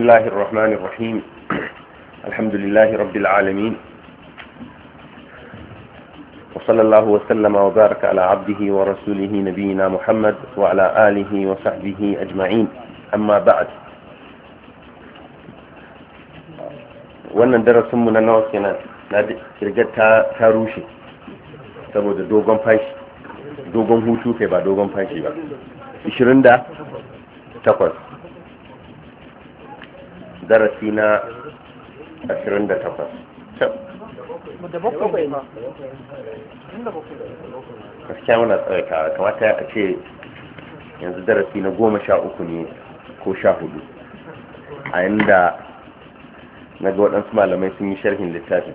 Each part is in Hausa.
الله الرحمن الرحيم الحمد لله رب العالمين وصلى الله وسلم وبارك على عبده ورسوله نبينا محمد وعلى آله وصحبه أجمعين أما بعد wannan درس من الناس kenan na kirgar ta rushe saboda dogon fashi dogon hutu kai ba dogon fashi ba 28 darasi na 28 gaskiya muna tsawaita kamata a ce yanzu darasi na goma sha uku ne ko sha hudu a yanda na ga waɗansu malamai sun yi sharhin littafin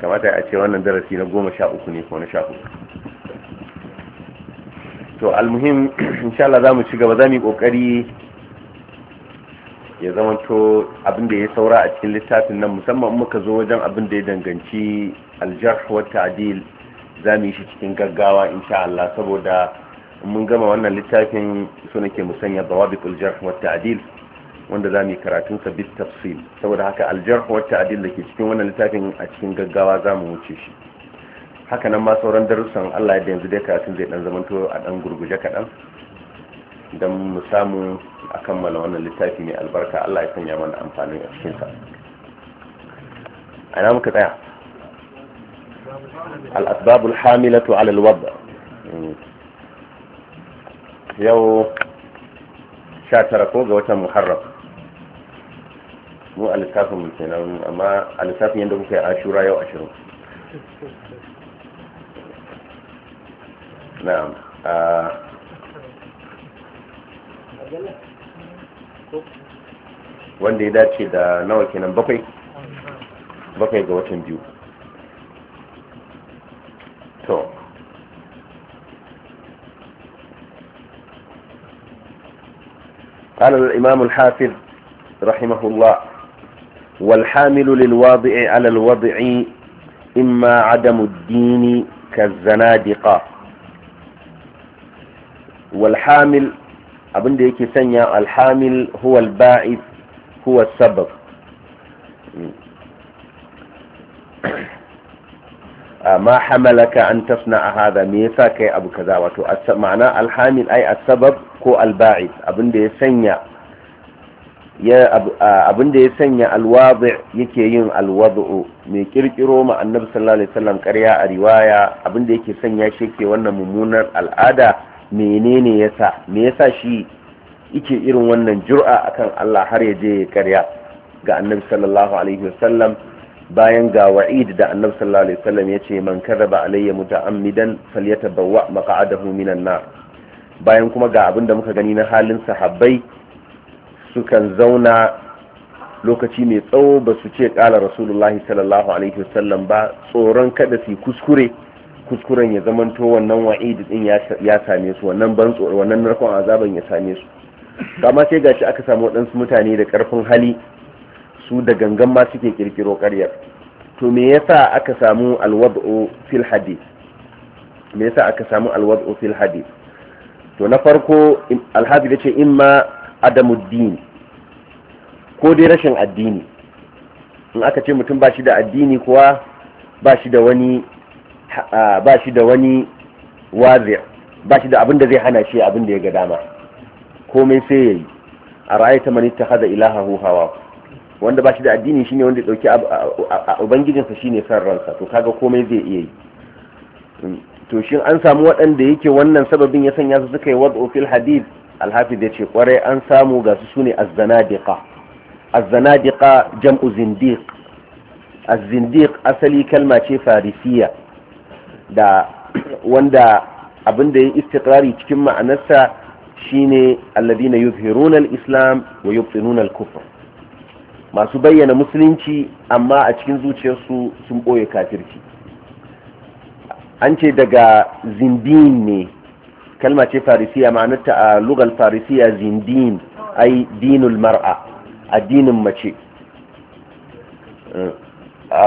kamata a ce wannan darasi na goma sha uku ne ko na sha hudu to almuhim insha Allah za mu ci gaba za mu yi kokari ya zamanto abin da ya saura a cikin littafin nan musamman muka zo wajen abin da ya danganci aljarh wa ta'dil za mu yi shi cikin gaggawa insha saboda mun gama wannan littafin su nake musanya dawabit aljarh wa ta'dil wanda za mu yi karatun sa bit tafsil saboda haka aljarh wa ta'dil da ke cikin wannan littafin a cikin gaggawa za mu wuce shi haka nan ma sauran darussan Allah ya yanzu dai karatun zai dan zamanto a dan gurguje kadan dan mu samu a kammala wannan littafi mai albarka Allah ya sanya mana amfani a cikinsa a ana muka tsaya al'asbabul hamilatu al wadda hmm. yau 19 ko ga watan muharram mu a littafin mu kenan amma a littafin yadda kuka yi ashura yau ashirin نعم آه wanda ya dace da nawa kenan bakwai bakwai ga watan biyu to قال الإمام الحافظ رحمه الله والحامل للواضع على الوضع إما عدم الدين كالزنادقة walhamil abinda yake sanya alhamil huwa alba'id huwa sabab ma hamalaka an tasna'a hadha me yasa kai abu kaza wato ma'ana alhamil ai asbab ko alba'id abinda ya sanya ya abinda ya sanya alwadi yake yin alwad'u mai kirkiro ma annabi sallallahu alaihi wasallam ƙarya a riwaya abinda yake sanya shi ke wannan mummunar al'ada menene yasa me yasa shi yake irin wannan jur'a akan Allah har ya je karya ga annabi sallallahu alaihi wasallam bayan ga wa'id da annabi sallallahu alaihi wasallam yace man kadaba alayya muta'ammidan falyatabawwa maq'adahu minan nar bayan kuma ga abin da muka gani na halin sahabbai sukan zauna lokaci mai tsawo ba su ce kala rasulullahi sallallahu alaihi wasallam ba tsoron kada su kuskure kuskuren ya zamanto wannan wa'idi din ya same su wannan ban tsoro wannan narkon azaban ya same su kama sai gashi aka samu waɗansu mutane da ƙarfin hali su da gangan ma suke kirkiro ƙaryar to me yasa aka samu alwad'u fil hadith me yasa aka samu alwad'u fil hadith to na farko alhaji yace imma adamuddin ko dai rashin addini in aka ce mutum ba shi da addini kuwa ba shi da wani ba shi da wani wazi ba shi da abin da zai hana shi abin da ya ga dama komai sai yayi a ta man ittakhadha ilahahu hawa wanda ba shi da addini shine wanda ya dauki ubangijinsa shine san ransa to kaga komai zai iya yi mm, to shin an samu waɗanda yake wannan sababin ya sanya su suka yi wad'u fil hadith alhafiz ya ce kwarai an samu ga su sune az-zanadiqa az-zanadiqa jam'u zindiq az-zindiq asali kalma ce farisiya da wanda abin da ya istiqrari cikin ma'anarsa shine alladina yuzhiruna islam wa yubtinuna kufr masu bayyana musulunci amma a cikin zuciyarsu sun boye kafirci an ce daga zindin ne kalma ce farisiya ma'anarta a lugal farisiya zindin ai dinul mar'a addinin mace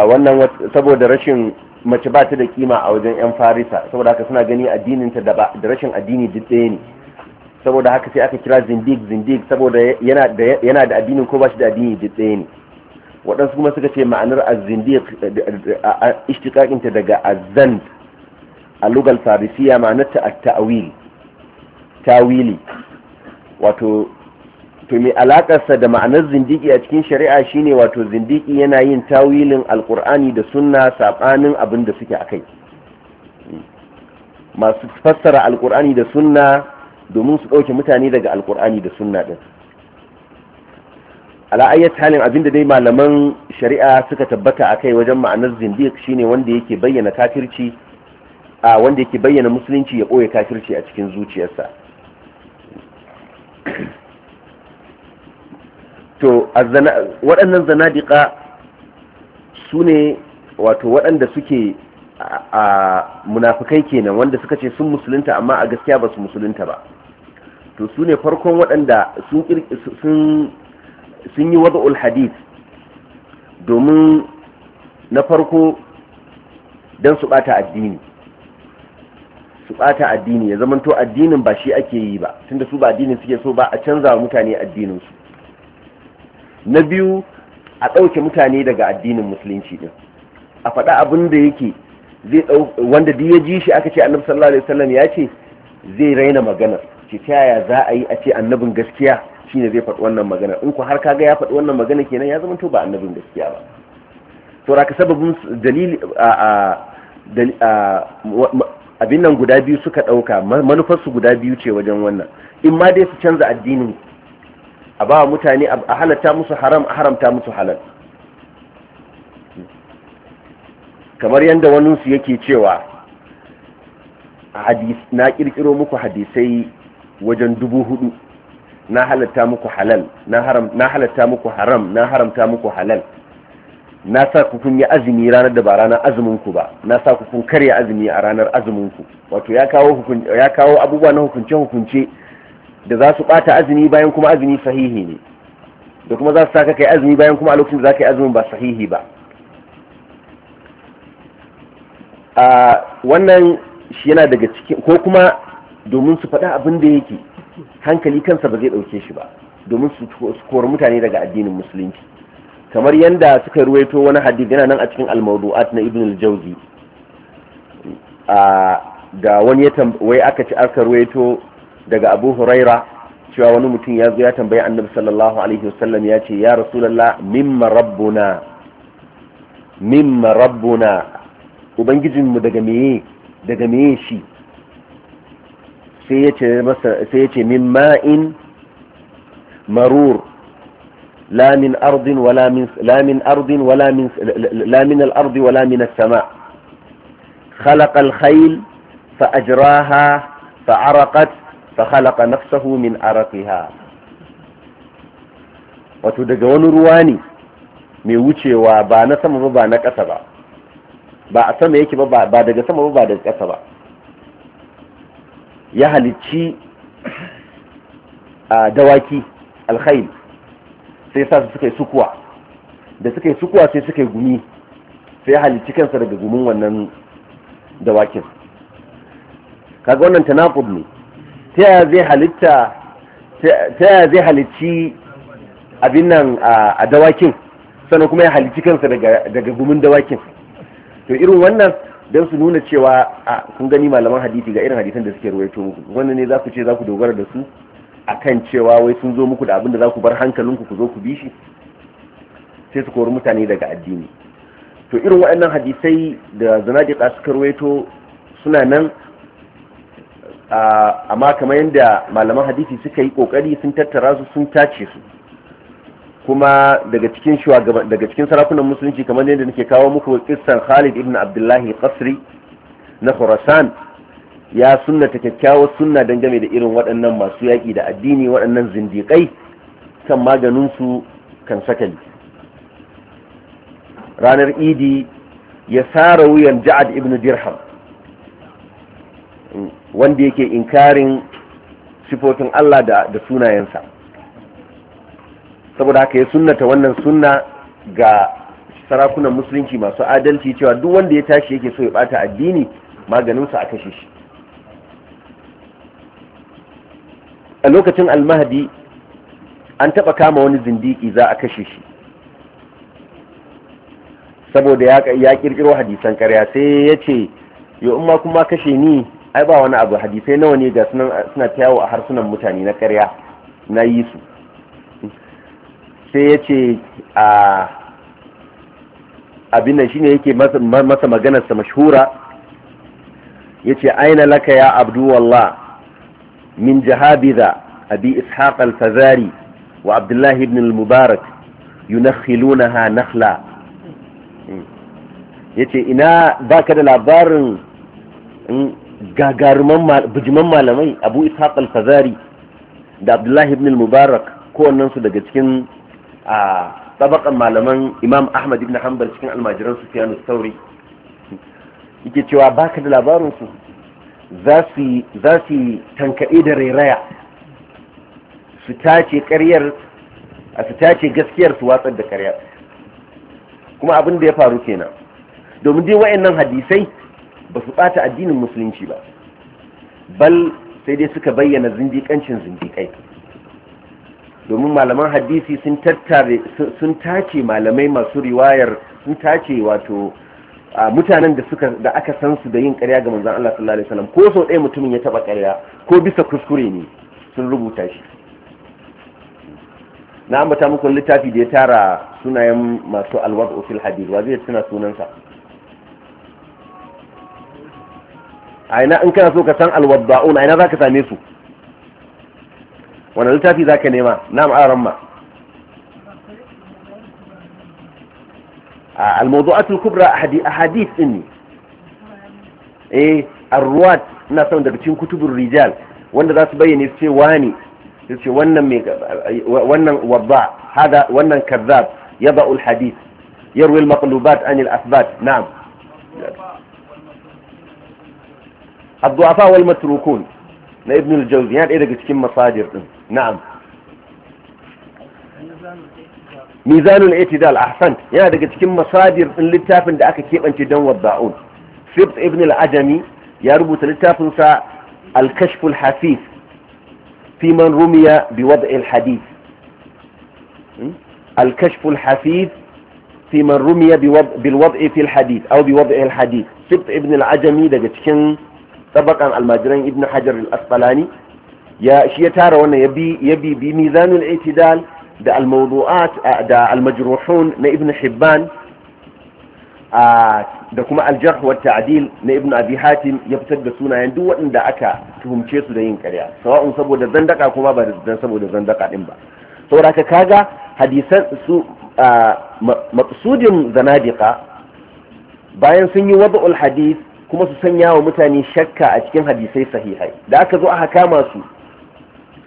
wannan saboda rashin mace ba ta da kima a wajen 'yan farisa saboda haka suna gani addininta da rashin addini duk ɗaya ne saboda haka sai aka kira zindig zindig saboda yana da addinin ko ba shi da addini duk ɗaya ne waɗansu kuma suka ce ma'anar a ishtiqaqinta daga azan a lugal farisiya ma'anar ta tawili wato to mai alakarsa da ma'anar zindiki a cikin shari'a shine wato zindiki yana yin tawilin alkur'ani da sunna sabanin abin da suke akai masu fassara alkur'ani da sunna domin su ɗauke mutane daga alkur'ani da sunna din ala'ayyar halin abin da dai malaman shari'a suka tabbata akai kai wajen ma'anar zindiki shine wanda yake bayyana kafirci a wanda yake bayyana musulunci ya ɓoye kafirci a cikin zuciyarsa to waɗannan zanadiƙa su ne wato waɗanda suke a munafukai kenan wanda suka ce sun musulunta amma a gaskiya ba su musulunta ba to su ne farkon waɗanda sun yi wada'ul ulhadith domin na farko don su ɓata addini su ɓata addini ya zamanto addinin ba shi ake yi ba tunda su ba addinin suke so ba a canza wa mutane addininsu na biyu a ɗauke mutane daga addinin musulunci ɗin a faɗa abin da yake wanda duk ya ji shi aka ce annabi sallallahu alaihi wasallam ya ce zai raina magana. ce ta yaya za a yi a ce annabin gaskiya shine zai faɗi wannan magana? in ku har kaga ya faɗi wannan magana kenan ya zama to ba annabin gaskiya ba to raka sababin dalili a abin nan guda biyu suka ɗauka manufarsu guda biyu ce wajen wannan in ma dai su canza addinin a ba mutane a halatta musu haram a haramta musu halal kamar yadda waninsu yake cewa na kirkiro muku hadisai wajen dubu hudu na halatta muku halal na halatta muku haram na haramta muku halal na sa kukun ya azumi ranar da ba ranar azuminku ba na sa kukun karya azumi a ranar azuminku wato ya kawo abubuwa na hukunce hukunce da za su bata azumi bayan kuma azumi sahihi ne da kuma za su saka kai azumi bayan kuma a lokacin da za ka yi azumin ba sahihi ba a wannan shi yana daga cikin ko kuma domin su faɗa abin da yake hankali kansa ba zai ɗauke shi ba domin su kori mutane daga addinin musulunci kamar yadda suka ruwaito wani hadith yana nan a cikin almaudu'at na ibn al-jawzi a da wani ya wai aka ci aka ruwaito daga abu huraira cewa wani mutum ya zo ya tambayi annabi sallallahu alaihi wasallam ya ce ya rasulallah mimma rabbuna mimma rabbuna ubangijinmu daga meye daga meye shi sai ya ce min in marur la min ardin wala min la min al-ardi wala min as-sama khalaqa al-khayl fa ajraha fa فخلق نفسه من عرقها wato daga wani ruwa ne mai wucewa ba na sama ba ba na ƙasa ba ba a sama yake ba ba daga sama ba ba daga ƙasa ba ya halicci a dawaki alkhail sai sa su suka yi sukuwa da suka yi sukuwa sai suka yi gumi sai ya halicci kansa daga gumin wannan dawakin kaga wannan tanaqub ne ta yaya zai halitta abin nan a dawakin sannan kuma ya halicci kansa daga gumin dawakin to irin wannan don su nuna cewa a kun gani malaman hadithi ga irin hadithan da suke ruwaito muku wannan ne za ku ce za ku dogara da su a kan cewa wai sun zo muku da abin da za ku bar hankalinku ku zo ku bi shi sai su kori mutane daga addini to irin waɗannan hadisai da zanadiƙa suka ruwaito suna nan amma kamar yadda malaman hadisi suka yi kokari sun tattara su sun tace su kuma daga cikin shugaban daga cikin sarakunan musulunci kamar yadda nake kawo muku kissan Khalid ibn Abdullahi Qasri na Khurasan ya sunnata kyakkyawar sunna dangane da irin waɗannan masu yaki da addini waɗannan zindiƙai kan su kan sakali ranar idi ya sara wuyan ja'ad ibn dirham wanda yake inkarin sifofin Allah da sunayensa saboda haka ya sunnata wannan sunna ga sarakunan musulunci masu adalci cewa duk wanda ya tashi yake so ya bata addini maganinsa a kashe shi a lokacin almahadi an taba kama wani zindiki za a kashe shi saboda ya kirkiro hadisan karya sai ya ce yau in kuma kashe ni ai ba wani abu hadisai nawa ne ga suna ta yawo a harsunan mutane na karya na yi su sai ya ce a abin nan shine yake masa maganarsa ya yace aina laka ya abdu min jihabiza abi ishaq al-fazari wa abdullah ibn al-mubarak yunakhilunaha nakhla yace ina baka da labarin gagaruman bijiman malamai abu ishaq al-fazari da abdullahi ibn al-mubarak wannan su daga cikin a tabakan malaman imam ahmad ibn hanbal cikin almajiran fiye sauri yake cewa baka da labarin za su tankaɗe da rairaya su tace gaskiyar su watsar da karyar kuma abin da ya faru kenan domin dai waɗannan hadisai ba su ɓata addinin musulunci ba bal sai dai suka bayyana zindiƙancin zindiƙai domin malaman hadisi sun tattare sun tace malamai masu riwayar sun tace wato mutanen da suka da aka san su da yin karya ga manzon Allah sallallahu alaihi wasallam ko sau ɗaya mutumin ya taɓa karya, ko bisa kuskure ne sun rubuta shi na ambata muku littafi da ya tara sunayen masu alwad ofil hadith wa zai tuna sunansa a ina in kana so ka san alwadda'un a ina za ka same su wani littafi za ka nema na ma'aran ma a almawdu'atul kubra ahadith din ne eh arwat na son daga cikin kutubur rijal wanda za su bayyana su ce wani su ce wannan mai wannan wadda hada wannan kazzab yada'ul hadith yarwi al-maqlubat anil asbat na'am addu'afa wal matrukun na ibn al-jawzi ya ɗaya daga cikin masadir din na'am mizanul itidal ahsan yana daga cikin masadir ɗin littafin da aka keɓance dan wadda'un fibt ibn al ya rubuta littafinsa al-kashf al-hasif fi bi hmm? wad'i al-hadith al-kashf في من رمي بالوضع في الحديث أو بوضع الحديث سبط ابن العجمي sabakan almajiran ibn hajar al-asqalani ya shi ya tara wannan ya bi bi mizanul itidal da al-mawdu'at da al na ibn hibban da kuma al-jarh wa ta'dil na ibn abi hatim ya fitar da sunayen duk waɗanda aka tuhumce su da yin ƙarya sawa'un saboda zandaka kuma ba da saboda zandaka din ba saboda ka kaga hadisan su maqsudin zanadiqa bayan sun yi wada'ul hadith kuma su sanya wa mutane shakka a cikin hadisai sahihai da aka zo aka kama su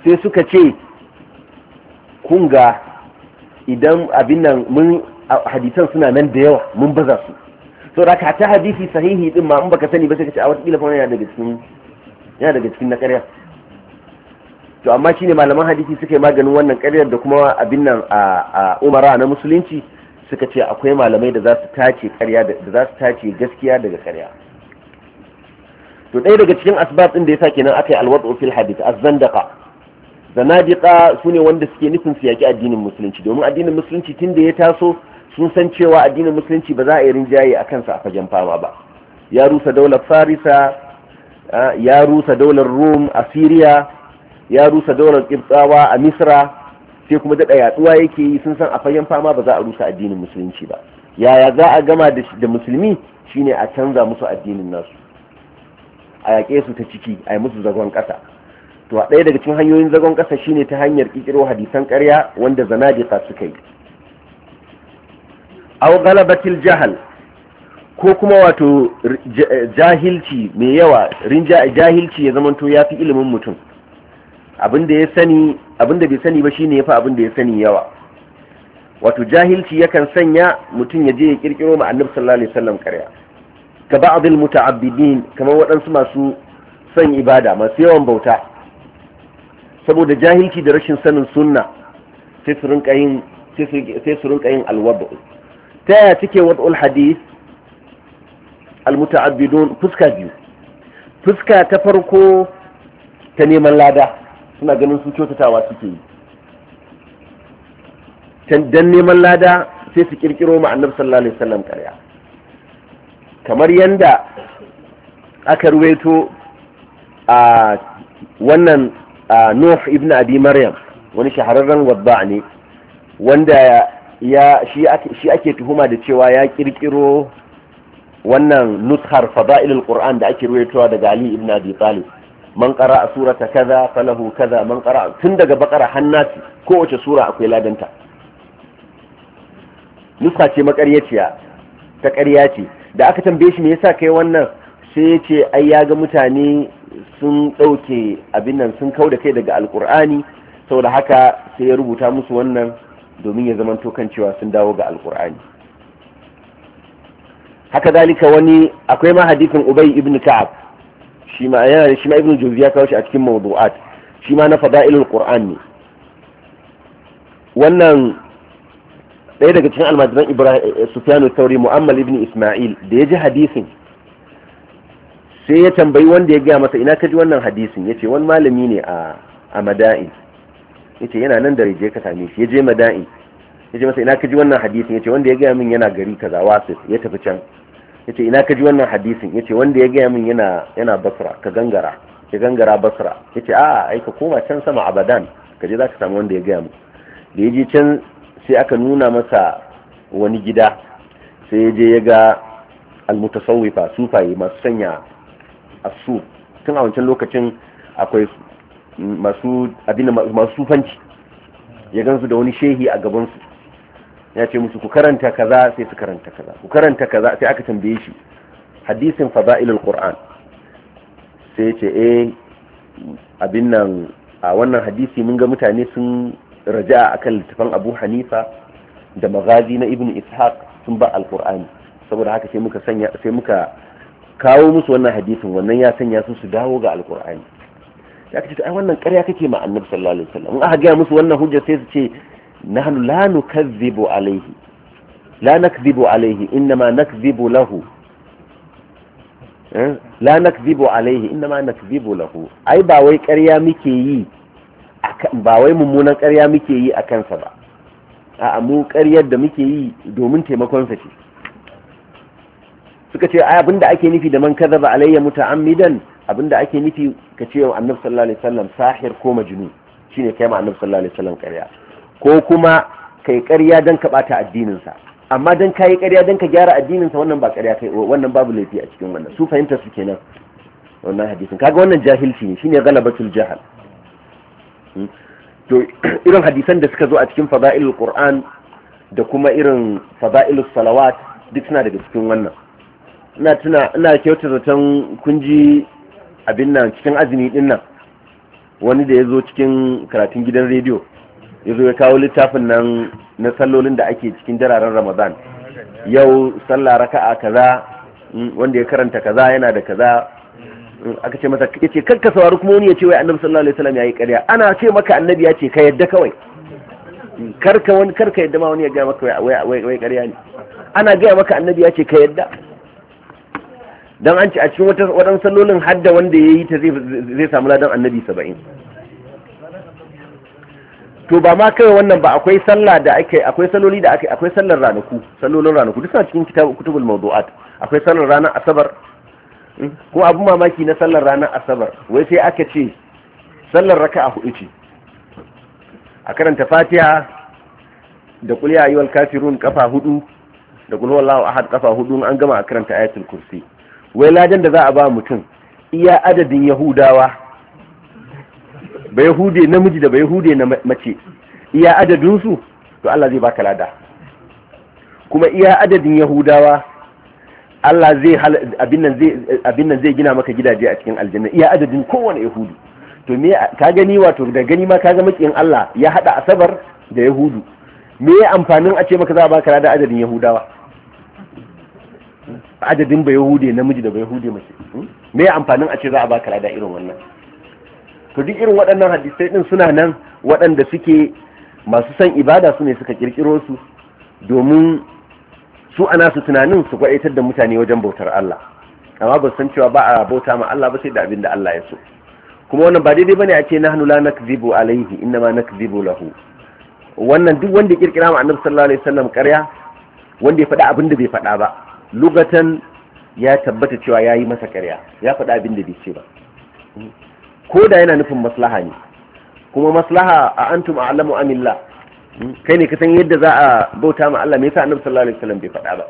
sai suka ce kunga idan abin nan mun hadisan suna nan da yawa mun baza su so da ka ta hadisi sahihi din ma in baka sani ba sai ka ce a wata kila fa yana daga cikin na karya. to amma shine malaman hadisi suka yi maganin wannan ƙaryar da kuma abin nan a umara na musulunci suka ce akwai malamai da za su tace gaskiya daga karya. to ɗaya daga cikin asbab ɗin da ya sa kenan aka yi alwadu fil hadith azzandaka zanadiqa su ne wanda suke nufin su yaki addinin musulunci domin addinin musulunci tun da ya taso sun san cewa addinin musulunci ba za a yi rinjaye a kansa a fagen fama ba ya rusa daular farisa ya rusa daular rom a syria ya rusa daular kibtsawa a misra sai kuma daɗa yatsuwa yake yi sun san a fagen fama ba za a rusa addinin musulunci ba yaya za a gama da musulmi shine a canza musu addinin nasu a yaƙe su ta ciki a yi musu zagon ƙasa to a ɗaya daga cikin hanyoyin zagon ƙasa shine ta hanyar ƙirƙiro hadisan ƙarya wanda zanadiqa suka yi aw ghalabatil jahal ko kuma wato jahilci mai yawa rinja jahilci ya zamanto ya fi ilimin mutum abinda ya sani abinda bai sani ba shine yafi abinda ya sani yawa wato jahilci yakan sanya mutum ya je ya kirkiro ma annabi sallallahu alaihi wasallam ƙarya ka ba'dil muta'abbidin kamar waɗansu masu son ibada masu yawan bauta saboda jahilci da rashin sanin sunna sai su rinka yin alwabu ta yaya take wad'ul hadith almuta'abbidun fuska biyu fuska ta farko ta neman lada suna ganin su kyautatawa suke yi dan neman lada sai su kirkiro ma sallallahu alaihi wasallam ƙarya kamar yadda aka ruwaito a wannan Nuh ibn Abi Maryam wani shahararren wadda ne wanda ya shi ake tuhuma da cewa ya kirkiro wannan nushar fada'ilul Qur'an da ake ruwaitowa daga Ali ibn Abi Talib man qara surata kaza falahu kaza man qara tun daga bakara hannati kowace sura akwai ladanta nusa ce makaryaciya ta ƙarya ce da aka tambaye shi me yasa kai wannan sai ya ce ai ya ga mutane sun ɗauke abin nan sun kau da kai daga alkur'ani saboda haka sai ya rubuta musu wannan domin ya zamanto tokan cewa sun dawo ga alkur'ani haka zalika wani akwai ma hadithin ubai ibn ka'ab shi ma yana da shi ma ibn jawziya kawo shi a cikin mawdu'at shi ma na fada'ilul qur'ani wannan ɗaya daga cikin almajiran ibrahim eh, eh, sufyanu tauri mu'ammal ibn isma'il da ya ji hadisin sai ya tambayi wanda ya gaya masa ina ka ji wannan hadisin ya ce wani malami ne a mada'in ya ce yana nan da rije ka same shi ya je mada'in ya ce masa ina ka ji wannan hadisin ya ce wanda ya gaya min yana gari kaza wasis ya tafi can ya ce ina ka ji wannan hadisin ya ce wanda ya gaya min yana basra ka gangara ka gangara basra ya ce a'a ai ka koma can sama abadan ka je za ka samu wanda ya gaya min da ya je can sai aka nuna masa wani gida sai ya je ya ga almutasawwifa sufaye masu sanya asu tun a wancan lokacin akwai masu abin masu sufanci ya gansu da wani shehi a gabansu ya ce musu ku karanta kaza sai su karanta kaza ku karanta kaza sai aka tambaye shi hadisin fada'ilul qur'an sai ce eh abin nan a wannan hadisi mun ga mutane sun raja a kan littafan abu hanifa da magazi na ibn ishaq sun ba alkur'ani saboda haka sai muka sanya sai muka kawo musu wannan hadisin wannan ya sanya su su dawo ga alkur'ani ya kace ai wannan ƙarya kake ma annabi sallallahu alaihi wasallam in aka ga musu wannan hujja sai su ce nahnu la nukazzibu alaihi la nakzibu alaihi inma nakzibu lahu eh? la nakzibu alaihi inma nakzibu lahu ai ba wai ƙarya muke yi ba wai mummunan ƙarya muke yi a kansa ba a amu ƙaryar da muke yi domin taimakonsa ce suka ce abinda ake nufi da man kaza ba alayya muta'ammidan abinda ake nufi ka ce wa annabi sallallahu alaihi wasallam sahir ko majnun shine kai ma annabi sallallahu alaihi wasallam ƙarya ko kuma kai ƙarya dan ka bata addinin sa amma dan kai ƙarya dan ka gyara addinin sa wannan ba ƙarya kai wannan babu laifi a cikin wannan su fahimta su kenan wannan hadisin kaga wannan jahilci ne shine galabatul jahal to irin hadisan da suka zo a cikin fada'ilul qur'an da kuma irin fada'ilus salawat duk suna daga cikin wannan ina tuna ina kyauta zaton kunji abin nan cikin azumi din nan wani da ya zo cikin karatun gidan rediyo ya zo ya kawo littafin nan na sallolin da ake cikin jararen ramadan yau sallah raka'a kaza mm, wanda ya karanta kaza yana da kaza aka ce masa ce karka saurari kuma wani ya ce wai annabi sallallahu alaihi wasallam yayi ƙarya ana ce maka annabi ya ce ka yadda kawai karka wani karka yadda ma wani ya ga maka wai wai ƙarya ne ana ga maka annabi ya ce ka yadda dan an ce a cikin wata wadan sallolin hadda wanda yayi ta zai zai samu ladan annabi 70 to ba ma kai wannan ba akwai sallah da ake akwai salloli da ake akwai sallar ranaku sallolin ranaku duk suna cikin kitabul mawdu'at akwai sallar ranar asabar Hmm? ko abu mamaki na sallar ranar asabar wai sai aka ce sallar raka a hudu ce a karanta fatiha da kulli ayyul kafirun kafa hudu da kulli wallahu ahad kafa hudu an gama a karanta ayatul kursi wai ladan da za a ba mutum iya adadin yahudawa ba yahude namiji da ba yahude na mace iya su to Allah zai baka lada kuma iya adadin yahudawa Allah zai abin nan zai abin nan zai gina maka gidaje a cikin aljanna iya adadin kowane yahudu to me ka gani wato da gani ma ka ga makiyin Allah ya hada asabar da yahudu me ya amfanin a ce maka za a baka da adadin yahudawa adadin ba yahude namiji da ba yahude mace hmm? me ya amfanin a ce za a baka da irin wannan to duk irin waɗannan hadisai din suna nan waɗanda suke masu son ibada su ne suka kirkiro su domin su ana su tunanin su gwaitar da mutane wajen bautar Allah amma ba san cewa ba a bauta ma Allah ba sai da abin da Allah ya so kuma wannan ba daidai bane a ce nahnu la nakzibu alaihi inna ma nakzibu lahu wannan duk wanda ya kirkira ma annabi sallallahu alaihi wasallam ƙarya wanda ya faɗa abin da bai faɗa ba lugatan ya tabbata cewa ya yi masa karya, ya faɗa abin da bai ce ba ko da yana nufin maslaha ne kuma maslaha a antum a'lamu amillah kai ne ka san yadda za a bauta ma Allah me yasa annabi sallallahu alaihi wasallam bai faɗa ba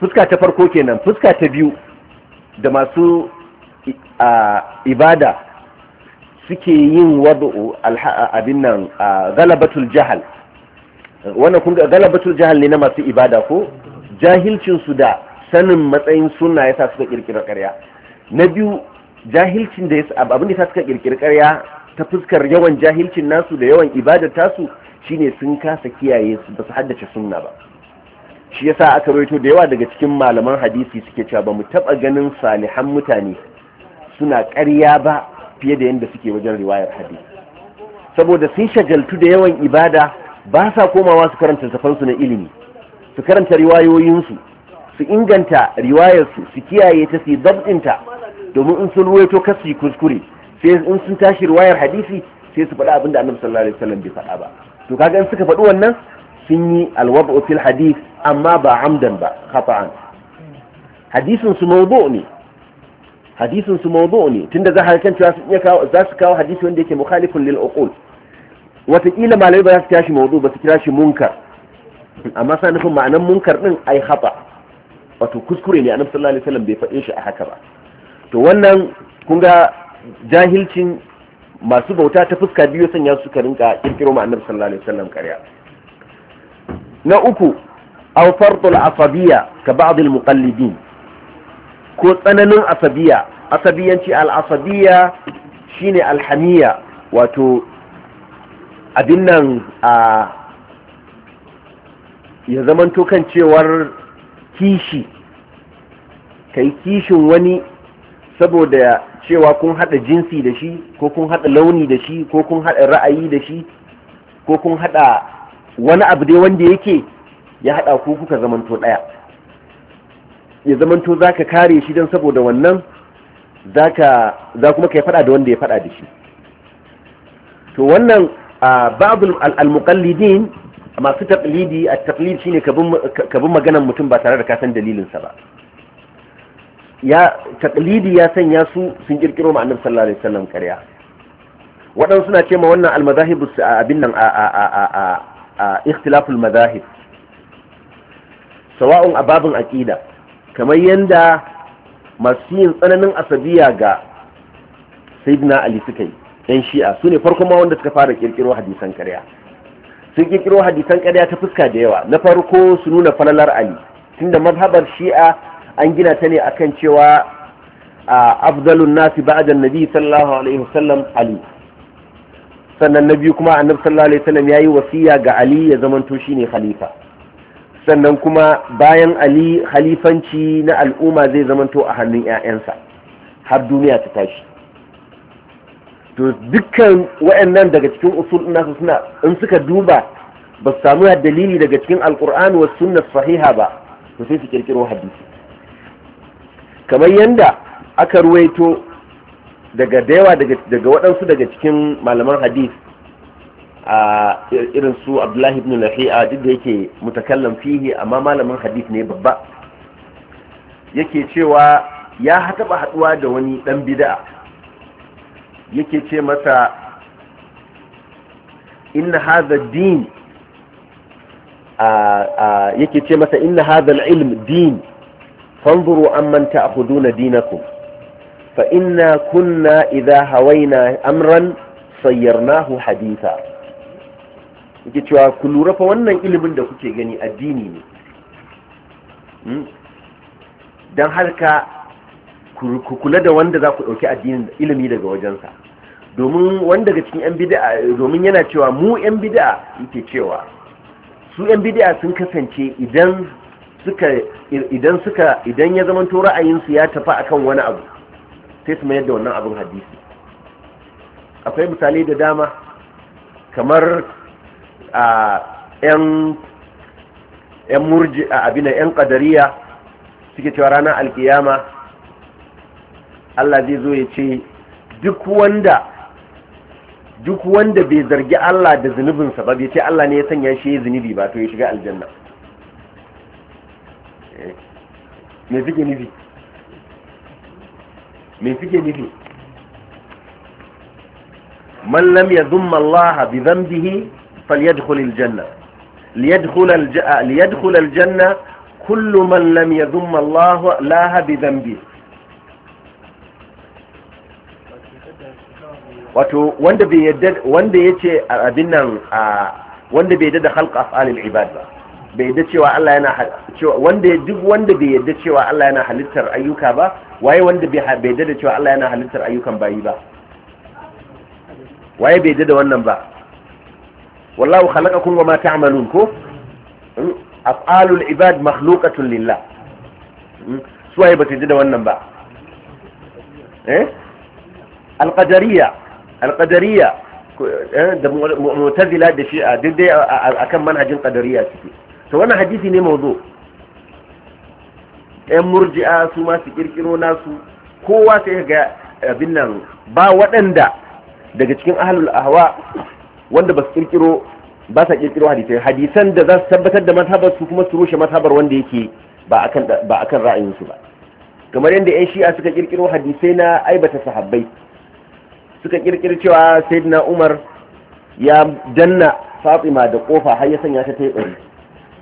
fuska ta farko kenan fuska ta biyu da masu ibada suke yin wadu'u abin nan galabatul jahal wannan kun galabatul jahal ne na masu ibada ko jahilcin su da sanin matsayin sunna yasa suka kirkira karya na biyu jahilcin da abin da yasa suka kirkira karya. ta fuskar yawan jahilcin nasu da yawan ibadar tasu shine sun kasa kiyaye su ba su haddace sunna ba shi yasa aka rawaito da yawa daga cikin malaman hadisi suke cewa ba mu taba ganin salihan mutane suna karya ba fiye da yadda suke wajen riwayar hadisi saboda sun shagaltu da yawan ibada ba sa komawa su karanta su na ilimi su karanta riwayoyinsu su inganta riwayarsu su kiyaye ta su zabdinta, domin in sun ruwaito kasu kuskure sai in sun tashi ruwayar hadisi sai su faɗi abinda annabi sallallahu alaihi wasallam bai faɗa ba to kaga in suka faɗi wannan sun yi alwad'u fil hadith amma ba amdan ba khata'an hadisin su mawdu' ne hadisin su mawdu' ne tunda za ka cewa su iya kawo za su kawo hadisi wanda yake mukhalifun lil uqul wataƙila malai ba za su tashi mawdu ba su kira shi munkar amma sa nufin ma'anan munkar din ai khata wato kuskure ne annabi sallallahu alaihi wasallam bai faɗe shi a haka ba to wannan kun ga jahilcin masu bauta ta fuska biyu sanya su ka rinka kirkiro ma annabi sallallahu alaihi wasallam ƙarya na uku aw fardul asabiya ka ba'd al muqallidin ko tsananin asabiya asabiyanci al shi shine alhamiya, wato abin nan a ya zamanto kan cewar kishi kai kishin wani saboda cewa kun haɗa jinsi da shi ko kun haɗa launi da shi ko kun haɗa ra'ayi da shi ko kun haɗa wani abu dai wanda yake ya haɗa ku kuka zamanto ɗaya ya zamanto za ka kare shi don saboda wannan za kuma ka yi faɗa da wanda ya faɗa da shi to wannan babul al-muqallidin masu taqlidi a taqlid shine ka bin maganar mutum ba tare da kasan dalilinsa ba ya taqlidi ya sanya su sun kirkiro ma annabi sallallahu alaihi wasallam ƙarya waɗansu suna cewa wannan wannan madahib abin nan a a a a a ikhtilaful mazahib sawa'un a aqida kamar yanda masu yin tsananin asabiya ga sayyidina ali suka yi yan shi'a su ne farko ma wanda suka fara kirkiro hadisan ƙarya sun kirkiro hadisan ƙarya ta fuska da yawa na farko su nuna falalar ali tunda mazhabar shi'a an gina ta ne a kan cewa afdalun nasi ba'da nabi sallallahu alaihi wasallam ali sannan na biyu kuma annabi sallallahu alaihi wasallam yayi wasiya ga ali ya zamanto shine khalifa sannan kuma bayan ali khalifanci na al'umma zai zamanto a hannun 'ya'yansa har duniya ta tashi to dukkan waɗannan daga cikin usul nasu suna in suka duba ba su samu dalili daga cikin alkur'ani wasu sunna sahiha ba to sai su kirkiro hadisi kamar yadda aka ruwaito daga dayawa daga waɗansu daga cikin malaman hadith a irin su abdullahi ibn lahi'a duk da yake mutakallam fihi amma malamin hadith ne babba yake cewa ya taɓa haɗuwa da wani ɗan bida'a yake ce masa inna haza din yake ce masa inna haza al'ilm din فانظروا amman تأخذون دينكم fa كنا kunna هوينا أمرا صيرناه حديثا yake cewa ku lura fa wannan ilimin da kuke gani addini ne don harka ku kula da wanda za ku ɗauki addinin ilimi daga wajensa domin wanda ga cikin 'yan bida'a domin yana cewa mu 'yan bida'a yake cewa su 'yan bida'a sun kasance idan suka idan suka idan ya zama to ra'ayinsu ya tafi akan wani abu sai su mayar da wannan abin hadisi akwai misali da dama kamar a yan yan murji a abin yan kadariya suke cewa ranar alkiyama Allah zai zo ya ce duk wanda duk wanda bai zargi Allah da zunubinsa ba bai ce Allah ne ya sanya shi zunubi ba to ya shiga aljanna me fike nufi me fike nufi man lam yadhumma Allah bi dhanbihi falyadkhul al-janna liyadkhul al aljanna liyadkhul al-janna kullu man lam yadhumma Allah laha bi dhanbihi wato wanda bai yadda wanda yace abin nan wanda bai yadda da khalq af'al al-ibad ba bai yadda cewa Allah yana cewa wanda duk wanda bai yadda cewa Allah yana halittar ayyuka ba waye wanda bai yadda cewa Allah yana halittar ayyukan bayi ba waye bai yadda da wannan ba wallahu khalaqakum wama ta'malun ko hmm? af'alul ibad makhluqatun lillah hmm? su waye bai yadda da wannan ba eh alqadariyya alqadariyya eh, da mu'tazila da shi'a duk dai akan manhajin qadariyya suke to wannan hadisi ne mawzo yan murji'a su masu ƙirƙiro nasu kowa sai ga abin nan ba waɗanda daga cikin ahalul ahwa wanda ba su ƙirƙiro ba sa ƙirƙiro hadisai hadisan da za su tabbatar da mazhabar su kuma su rushe mazhabar wanda yake ba a kan ra'ayinsu ba kamar yadda yan shi'a suka ƙirƙiro hadisai na aibata sahabbai suka ƙirƙiri cewa sayyidina umar ya danna fatima da kofa har ya sanya ta ta yi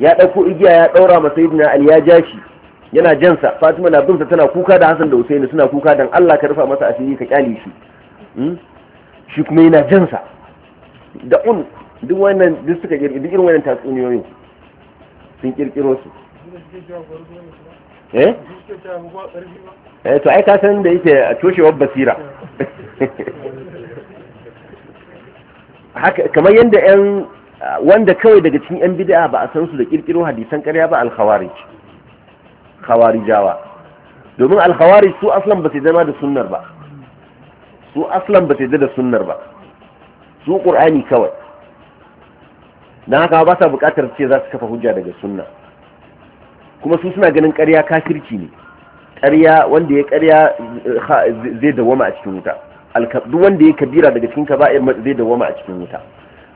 ya ɗauko igiya ya ɗaura masa yi ali ya ja shi yana jansa fatima na binsa tana kuka da hassan da husaini suna kuka don allah ka rufa masa asiri ka kyale shi hmm? shi kuma yana jansa da un duk wannan duk suka kirkiri duk irin wannan tatsuniyoyin sun kirkiro su eh, eh to ai ka san da yake a toshewar basira haka kamar yadda yan wanda kawai daga cikin yan bid'a ba a san su da kirkiro hadisan ƙarya ba al-khawarij khawarijawa domin al-khawarij su aslan ba su zama da sunnar ba su aslan ba su da sunnar ba su qur'ani kawai dan haka ba sa buƙatar ce za su kafa hujja daga sunna kuma su suna ganin ƙarya kafirci ne ƙarya wanda ya ƙarya eh, zai dawama a cikin wuta duk wanda ya kabira daga cikin kaba'ir zai dawama a cikin wuta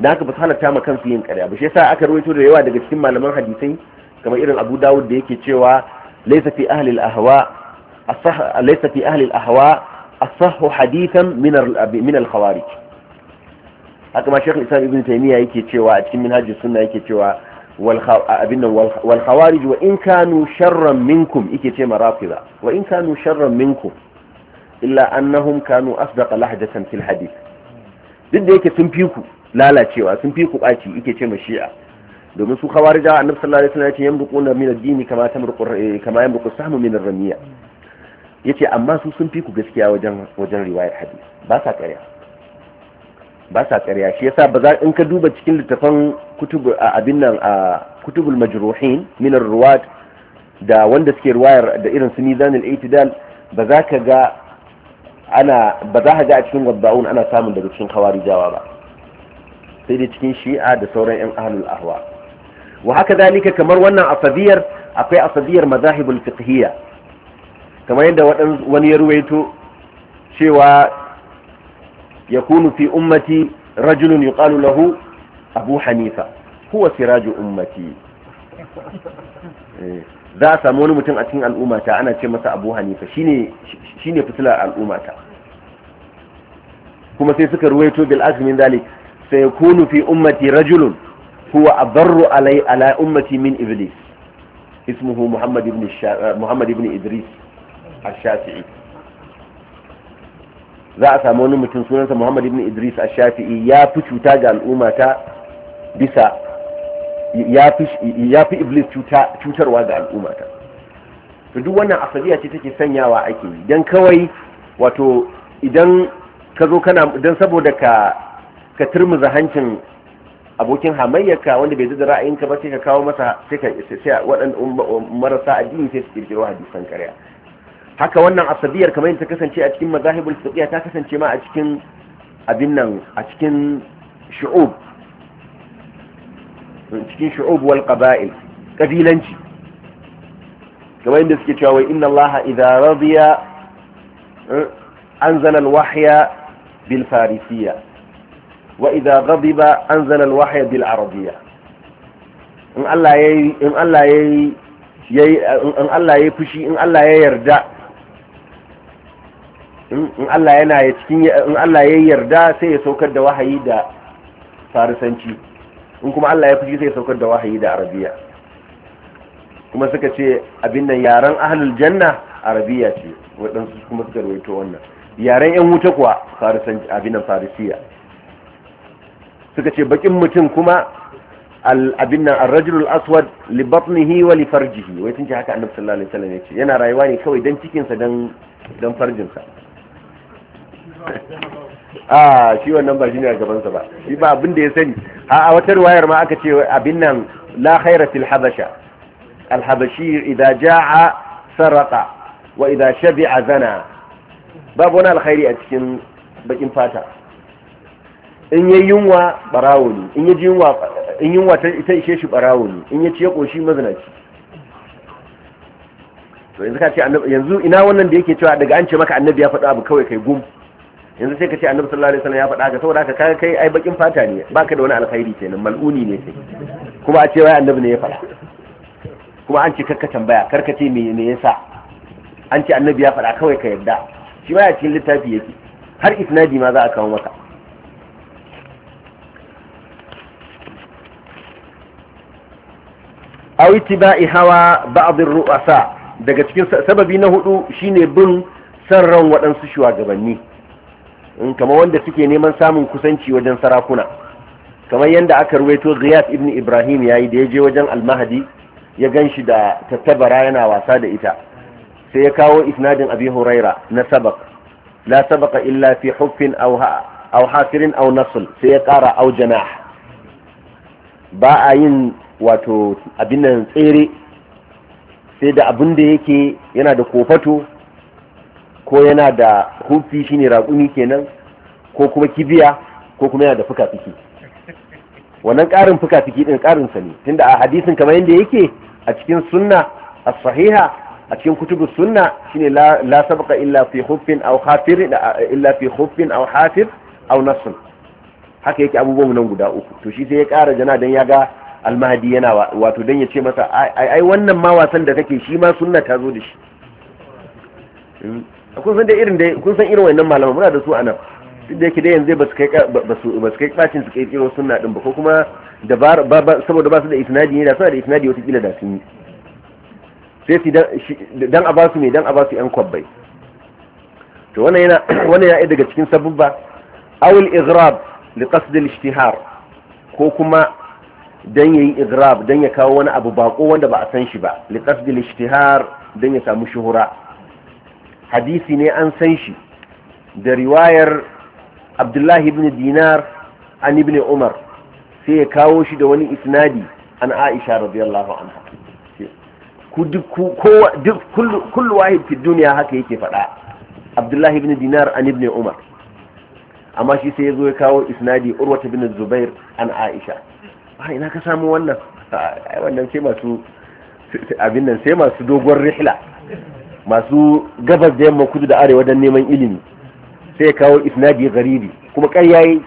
da haka ba su halatta ma kansu yin karya ba shi yasa aka rawaito da yawa daga cikin malaman hadisai kamar irin Abu Dawud da yake cewa laysa fi ahli al-ahwa asah laysa fi ahli al-ahwa asahhu hadithan min min al-khawarij haka ma Sheikh Islam Ibn Taymiyyah yake cewa a cikin Minhajus Sunna yake cewa wal abin wal khawarij wa in kanu sharran minkum yake ce marafida wa in kanu sharran minkum illa annahum kanu asdaqa lahjatan fil hadith duk da yake sun fi ku lalacewa sun fi ku ɓaci ike ce a domin su kawari jawa annabta alaihi wasallam ya ce yan min minar din kama yan eh, kama yamruqu minar min ar-ramiya yace amma su sun fi ku gaskiya wajen riwayar hadisi ba sa ƙarya ba sa ƙarya shi yasa ba za in ka duba cikin littafan kutubu a abin nan a kutubul majruhin min ar-ruwat da wanda suke riwayar da irin su mizan al-i'tidal ba za ka ga ana ba za ka ga a cikin wadda'un ana samun daga cikin khawarijawa ba sai dai cikin shi'a da sauran 'yan ahlul ahwa wa haka zalika kamar wannan asabiyar akwai asabiyar mazahibul fiqhiyya kamar yadda wani ya ruwaito cewa yakunu fi ummati rajulun yuqalu lahu abu hanifa huwa siraju ummati eh, za a samu wani mutum a cikin al'ummata ana ce masa abu hanifa shine fitilar al'ummata kuma sai suka ruwaito bil azmin zalik sayakunu fi ummati rajulun huwa adarru ala ummati min iblis ismuhu muhammad ibn eh, muhammad ibn idris ash-shafi'i za a samu wani mutum sunansa muhammad ibn idris ash-shafi'i ya fi cuta ga al'umma ta bisa ya fi iblis cutarwa ga al'umma ta to duk wannan asaliya ce take sanyawa ake yi don kawai wato idan ka zo kana don saboda ka ka turmuza hancin abokin hamayyarka wanda bai da ra'ayinka ba sai ka kawo masa sai ka sai waɗanda marasa addini sai su kirkiro hadisan ƙarya haka wannan asabiyar kamar ta kasance a cikin mazahibul fiqh ta kasance ma a cikin abin nan a cikin shu'ub cikin shu'ub wal qaba'il kabilanci kamar yadda suke cewa inna allaha idza radiya eh, anzala al wahya bil farisiyya wa idza ghadiba anzala al-wahya bil arabiyya in Allah yayi in Allah yayi yayi in Allah yayi fushi in Allah ya yarda in Allah yana ya cikin in Allah yarda sai ya saukar da wahayi da farisanci in kuma Allah ya fushi sai ya saukar da wahayi da arabiya kuma suka ce abin nan yaren ahlul janna arabiya ce waɗansu kuma suka rawaito wannan yaren yan wuta kuwa farisanci abin nan farisiya suka ce bakin mutum kuma abin nan arrajulul aswad li batnihi wa li farjihi wai tun ce haka annabi sallallahu alaihi wasallam yace yana rayuwa ne kawai dan cikin sa dan dan farjin sa ah shi wannan ba shine a gaban sa ba shi ba abin da ya sani a wata riwayar ma aka ce abin nan la khaira fil habasha al habashi idza jaa sarqa wa idza shabi'a zana babu wani alkhairi a cikin bakin fata in ya yunwa barawo ne in yi ji yunwa in yunwa ta ita ishe shi barawo ne in yi ya koshi mazinaci to yanzu ka ce yanzu ina wannan da yake cewa daga an ce maka annabi ya faɗa abu kawai kai gum yanzu sai ka ce annabi sallallahu alaihi wasallam ya faɗa ka saboda ka kai kai ai bakin fata ne baka da wani alkhairi kenan mal'uni ne kai kuma a ce wai annabi ne ya faɗa kuma an ce karka tambaya karka ce me ne yasa an ce annabi ya faɗa kawai ka yarda shi ma ya cikin littafi yake har isnadi ma za a kawo maka aw i hawa ba'd ar-ru'asa daga cikin sababi na hudu shine bin san ran waɗansu shugabanni kamar wanda suke neman samun kusanci wajen sarakuna kamar yadda aka ruwaito Ghiyas ibn Ibrahim yayi da ya je wajen Al-Mahdi ya shi da tattabara yana wasa da ita sai ya kawo isnadin Abi Huraira na sabaq la sabaqa illa fi huffin aw aw hasirin sai ya kara aw janah ba a yin wato abin nan tsere sai da abin da yake yana da kofato ko yana da hufi shine raƙumi kenan ko kuma kibiya ko kuma yana da fuka-fiki wannan ƙarin fuka-fiki ɗin ƙarin sa ne tunda a hadisin kamar yadda yake a cikin sunna a sahiha a cikin kutubu sunna shine la sabqa illa fi hufin aw hafir aw nasl haka yake abubuwan nan guda uku to shi sai ya ƙara jana dan ya ga almahadi yana wato don ya ce masa ai wannan ma wasan da kake shi ma sunna ta zo da shi hmm. kun san irin wannan malaman muna da su nan duk da yake dai yanzu ba su kai kacin su kai bacin sunna din ba ko kuma da saboda ba su da isnadi ne da suna da isnadi wata kila da sun yi sai su dan a ba su ne dan a ba su yan kwabbai to wannan yana daga cikin sabubba awul igrab li qasd al-ishtihar ko kuma dan yayi igrab dan ya kawo wani abu bako wanda ba a san shi ba li ishtihar dan ya samu shuhura hadisi ne an san shi da riwayar Abdullahi ibn Dinar an ibn Umar sai ya kawo shi da wani isnadi an Aisha radiyallahu anha ku duk kullu wahid fi duniya haka yake faɗa Abdullahi ibn Dinar an ibn Umar amma shi sai ya zo ya kawo isnadi Urwa ibn Zubair an Aisha a ina ka samu wannan ai wannan sai masu abin nan sai masu dogon rihla masu gabas da yamma kudu da arewa don neman ilimi sai ya kawo isnadi garibi kuma ƙarya yi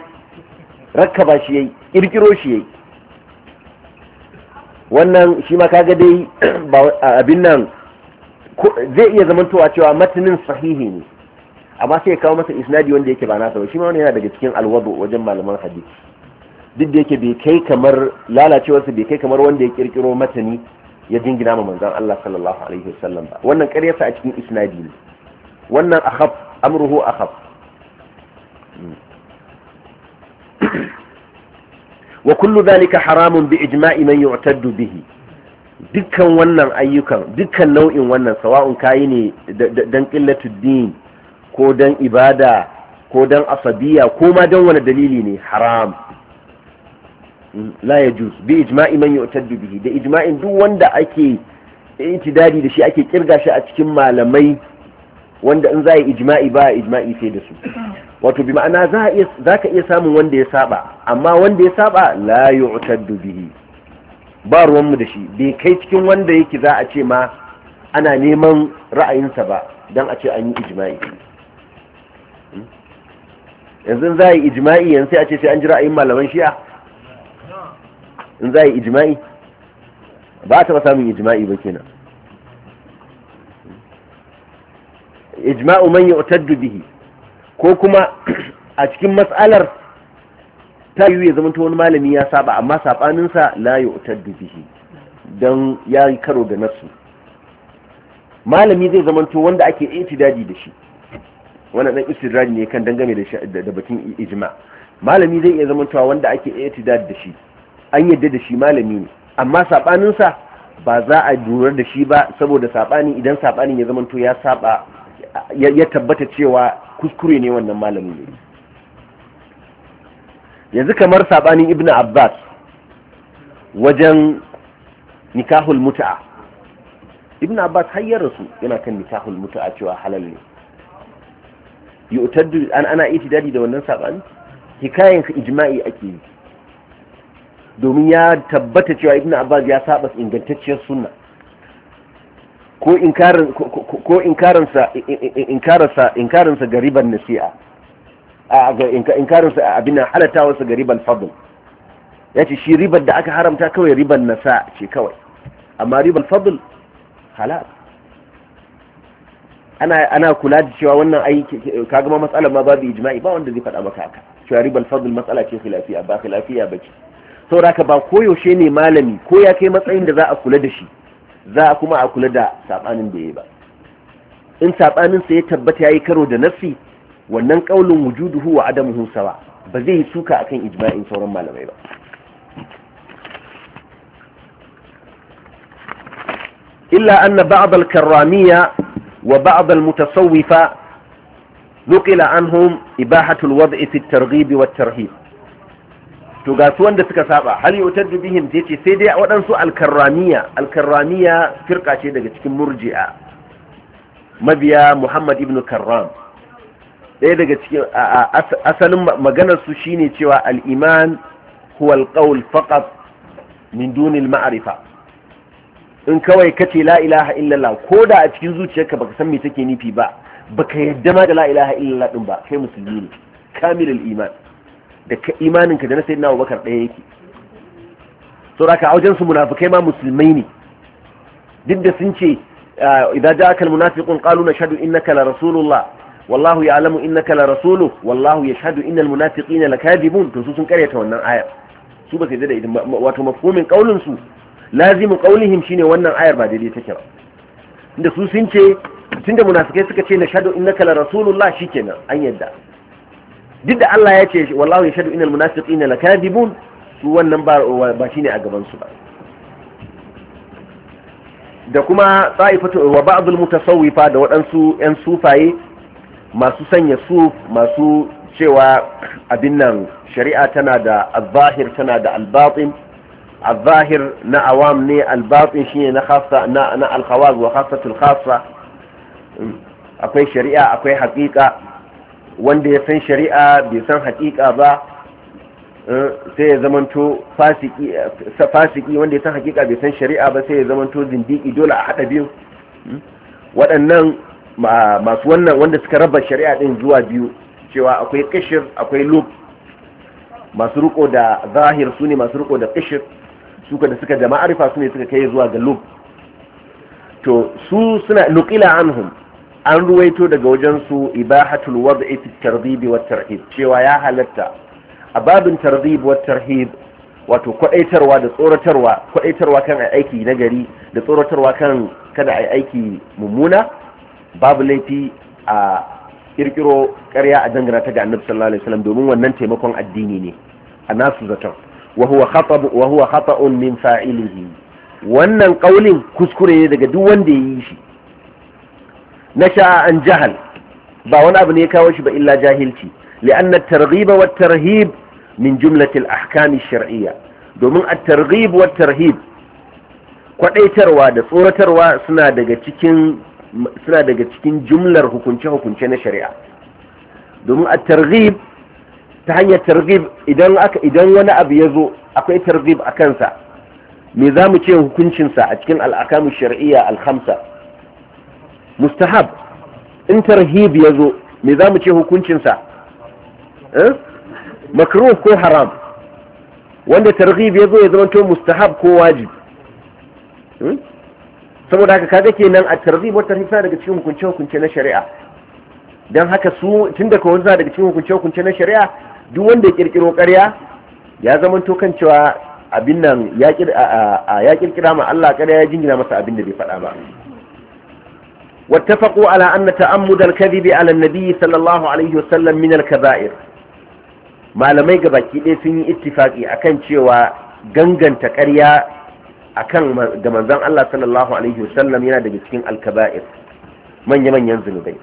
rakkaba shi yayi kirkiro shi yayi wannan shi ma kaga dai abin nan zai iya zamantowa cewa matanin sahihi ne amma sai ya kawo masa isnadi wanda yake ba nasa ba shi ma wani yana daga cikin alwado wajen malaman hadisi duk da yake bai kai kamar lalacewarsa bai kai kamar wanda ya kirkiro matani ya jingina ma manzon Allah sallallahu alaihi wasallam wannan ƙaryarsa a cikin isnadi ne wannan akhaf amruhu akhaf wa kullu dhalika haramun bi ijma'i man yu'taddu bihi dukkan wannan ayyukan dukkan nau'in wannan sawa'un kayi ne dan qillatud din ko dan ibada ko dan asabiya ko ma dan wani dalili ne haram la ya yajuz bi ijma'i man yu'taddu bihi da ijma'in duk wanda ake itidari da shi ake kirga shi a cikin malamai wanda in za yi ijma'i ba ijma'i sai da su wato bi ma'ana za ka iya samun wanda ya saba amma wanda ya saba la yu'taddu bihi ba ruwanmu da shi bai kai cikin wanda yake za a ce ma ana neman ra'ayinsa ba don a ce an yi ijma'i hmm? yanzu za a yi ijma'i yanzu sai a ce sai an ji ra'ayin malaman shi'a in za a yi ijima'i? ba a taɓa samun ijima'i ba kenan Ijima'u man yu'taddu bihi ko kuma a cikin matsalar ta yi ya zama ta wani malami ya saba amma sabaninsa la yu'taddu bihi don ya yi karo da nasu malami zai zama to wanda ake daji da shi wannan ɗan istidraji ne kan dangane da batun ijima. malami zai iya zama wanda ake daji da shi an yadda da shi malami ne amma saɓaninsa ba za a durar da shi ba saboda saɓani idan saɓanin ya zamanto ya saba ya tabbata cewa kuskure ne wannan malami ne yanzu kamar saɓanin ibn abbas wajen nikahul muta'a ibn abbas hayyar rasu yana kan nikahul muta'a cewa halal ne yu'taddu an ana dadi da wannan saɓani hikayen ijma'i ake yi domin ya tabbata cewa ibn abbas ya saba ingantacciyar sunna ko inkarin inkarinsa inkarinsa gariban nasi'a a inkarinsa abin halattawarsa gariban fadl ya ce shi ribar da aka haramta kawai ribar nasa ce kawai amma ribar fadl halal ana kula da cewa wannan aiki ka gama matsalar ma babu ijima'i ba wanda zai faɗa maka haka cewa ribar fadl matsala ce filafiya ba ba ce Sauraka ba koyaushe ne malami ko ya kai matsayin da za a kula da shi za a kuma a kula da saɓanin da ya ba in saɓaninsa ya tabbata yayi karo da nafsi wannan ƙaunin wujudu huwa, adamuhu husawa, ba zai yi suka akan ijma'in sauran malamai ba إلا karramiya wa الكرامية وبعض المتصوفة نقل عنهم إباحة الوضع في الترغيب tarhib to ga su wanda suka saba hal yutaddu bihim sai ce sai dai waɗansu alkarramiya alkarramiya firka ce daga cikin murji'a mabiya muhammad ibn karram ɗaya daga cikin asalin maganar su shine cewa al-iman huwa al faqat min duni al-ma'rifa in kawai kace la ilaha illallah ko da a cikin zuciyarka baka san me take nufi ba baka yadda ma da la ilaha illallah din ba kai musulmi ne kamilul iman da imaninka da na na Abubakar ɗaya yake ka a su munafikai ma musulmai ne duk da sun ce ah, idza ja'aka almunafiqun qalu nashhadu innaka la rasulullah wallahu ya'lamu innaka la rasuluhu wallahu yashhadu innal munafiqina lakadibun to su sun karyata wannan ayar su ba sai da idan wato mafhumin kaulin su lazimin kaulihim shine wannan ayar ba daidai take ba inda su sun ce tunda munafikai suka ce nashhadu innaka la rasulullah shikenan an yadda duk da Allah ya ce wallahu yashhadu innal munafiqina lakadibun su wannan ba ba shine a gaban su ba da kuma sa'ifatu wa ba'd mutasawwifa da waɗansu yan sufaye masu sanya suf masu cewa abin nan shari'a tana da al-zahir tana da al-batin al-zahir na awam ne al-batin shine na khassa na na al khawaz wa khassatul khassa akwai shari'a akwai haqiqa wanda ya san shari'a bai san haƙiƙa ba eh, sai ya zamanto eh, fasiki wanda ya san haƙiƙa bai san shari'a ba sai ya zamanto zindiki dole a haɗa biyu hmm? waɗannan masu wannan wanda suka raba shari'a ɗin zuwa biyu cewa akwai kashir akwai lub masu riko da zahir su ne masu riko da kashir suka da suka da ma'arifa su ne suka kai zuwa ga lub to su suna nukila anhum an ruwaito daga wajensu ibahatul wad'i fi targhib wa tarhib cewa ya halatta a babin targhib wa tarhib wato kwadaitarwa da tsoratarwa kwadaitarwa kan ai aiki na gari da tsoratarwa kan kada ai aiki mummuna babu laifi a kirkiro ƙarya a dangana ta ga annabi sallallahu alaihi wasallam domin wannan taimakon addini ne a nasu zaton wa huwa khatab wa huwa khata'un min fa'ilihi wannan kaulin kuskure ne daga duk wanda ya yi shi na an jahal ba wani abu ne ya kawo shi ba illa jahilci li'anna at-targhib wa tarhib min jumla al-ahkam ash-shar'iyya domin at-targhib wa tarhib kwadaitarwa da tsoratarwa suna daga cikin jumlar hukunce-hukunce na shari'a domin at-targhib ta hanyar targhib idan wani abu ya zo akwai targhib a kansa me za mu ce hukuncinsa a cikin al-ahkam ash-shar'iyya al mustahab in tarhib ya zo me za mu ce hukuncinsa eh? makruh ko haram wanda tarhib ya zo ya zama to mustahab ko wajib hmm? saboda haka kaga kenan a tarhib wata hisa daga cikin hukunce hukunce na shari'a dan haka su tunda ko wanda daga cikin hukunce hukunce na shari'a duk wanda ya kirkiro ƙarya ya zama to kan cewa abin nan ya kirkira ma Allah ƙarya ya jingina masa abin da bai faɗa ba واتفقوا على أن تأمد الكذب على النبي صلى الله عليه وسلم من الكبائر malamai ga baki ɗaya sun yi ittifaƙi a kan cewa ganganta ƙarya a kan ga manzan Allah sallallahu Alaihi wasallam yana daga cikin alkaba'ir manya-manyan zunubai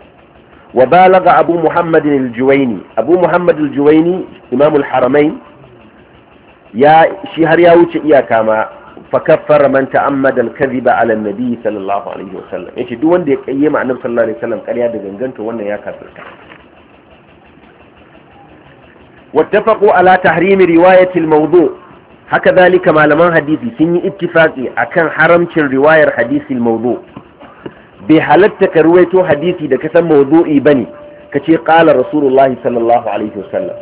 wa balaga abu muhammadin aljuwaini abu muhammadin aljuwaini imamul haramai shi har ya wuce iyaka ma fakaffara man ta'ammada al-kadhiba ala an-nabi sallallahu alaihi yace duk wanda ya kayyama annabi sallallahu alaihi sallam ƙarya da ganganta wannan ya kafirta wattafaqu ala tahrimi riwayati al-mawdu haka zalika malaman hadisi sun yi ittifaqi akan haramcin riwayar hadisi al bai halatta ka ruwaito hadisi da kasan mawdu'i bane kace qala rasulullahi sallallahu alaihi sallam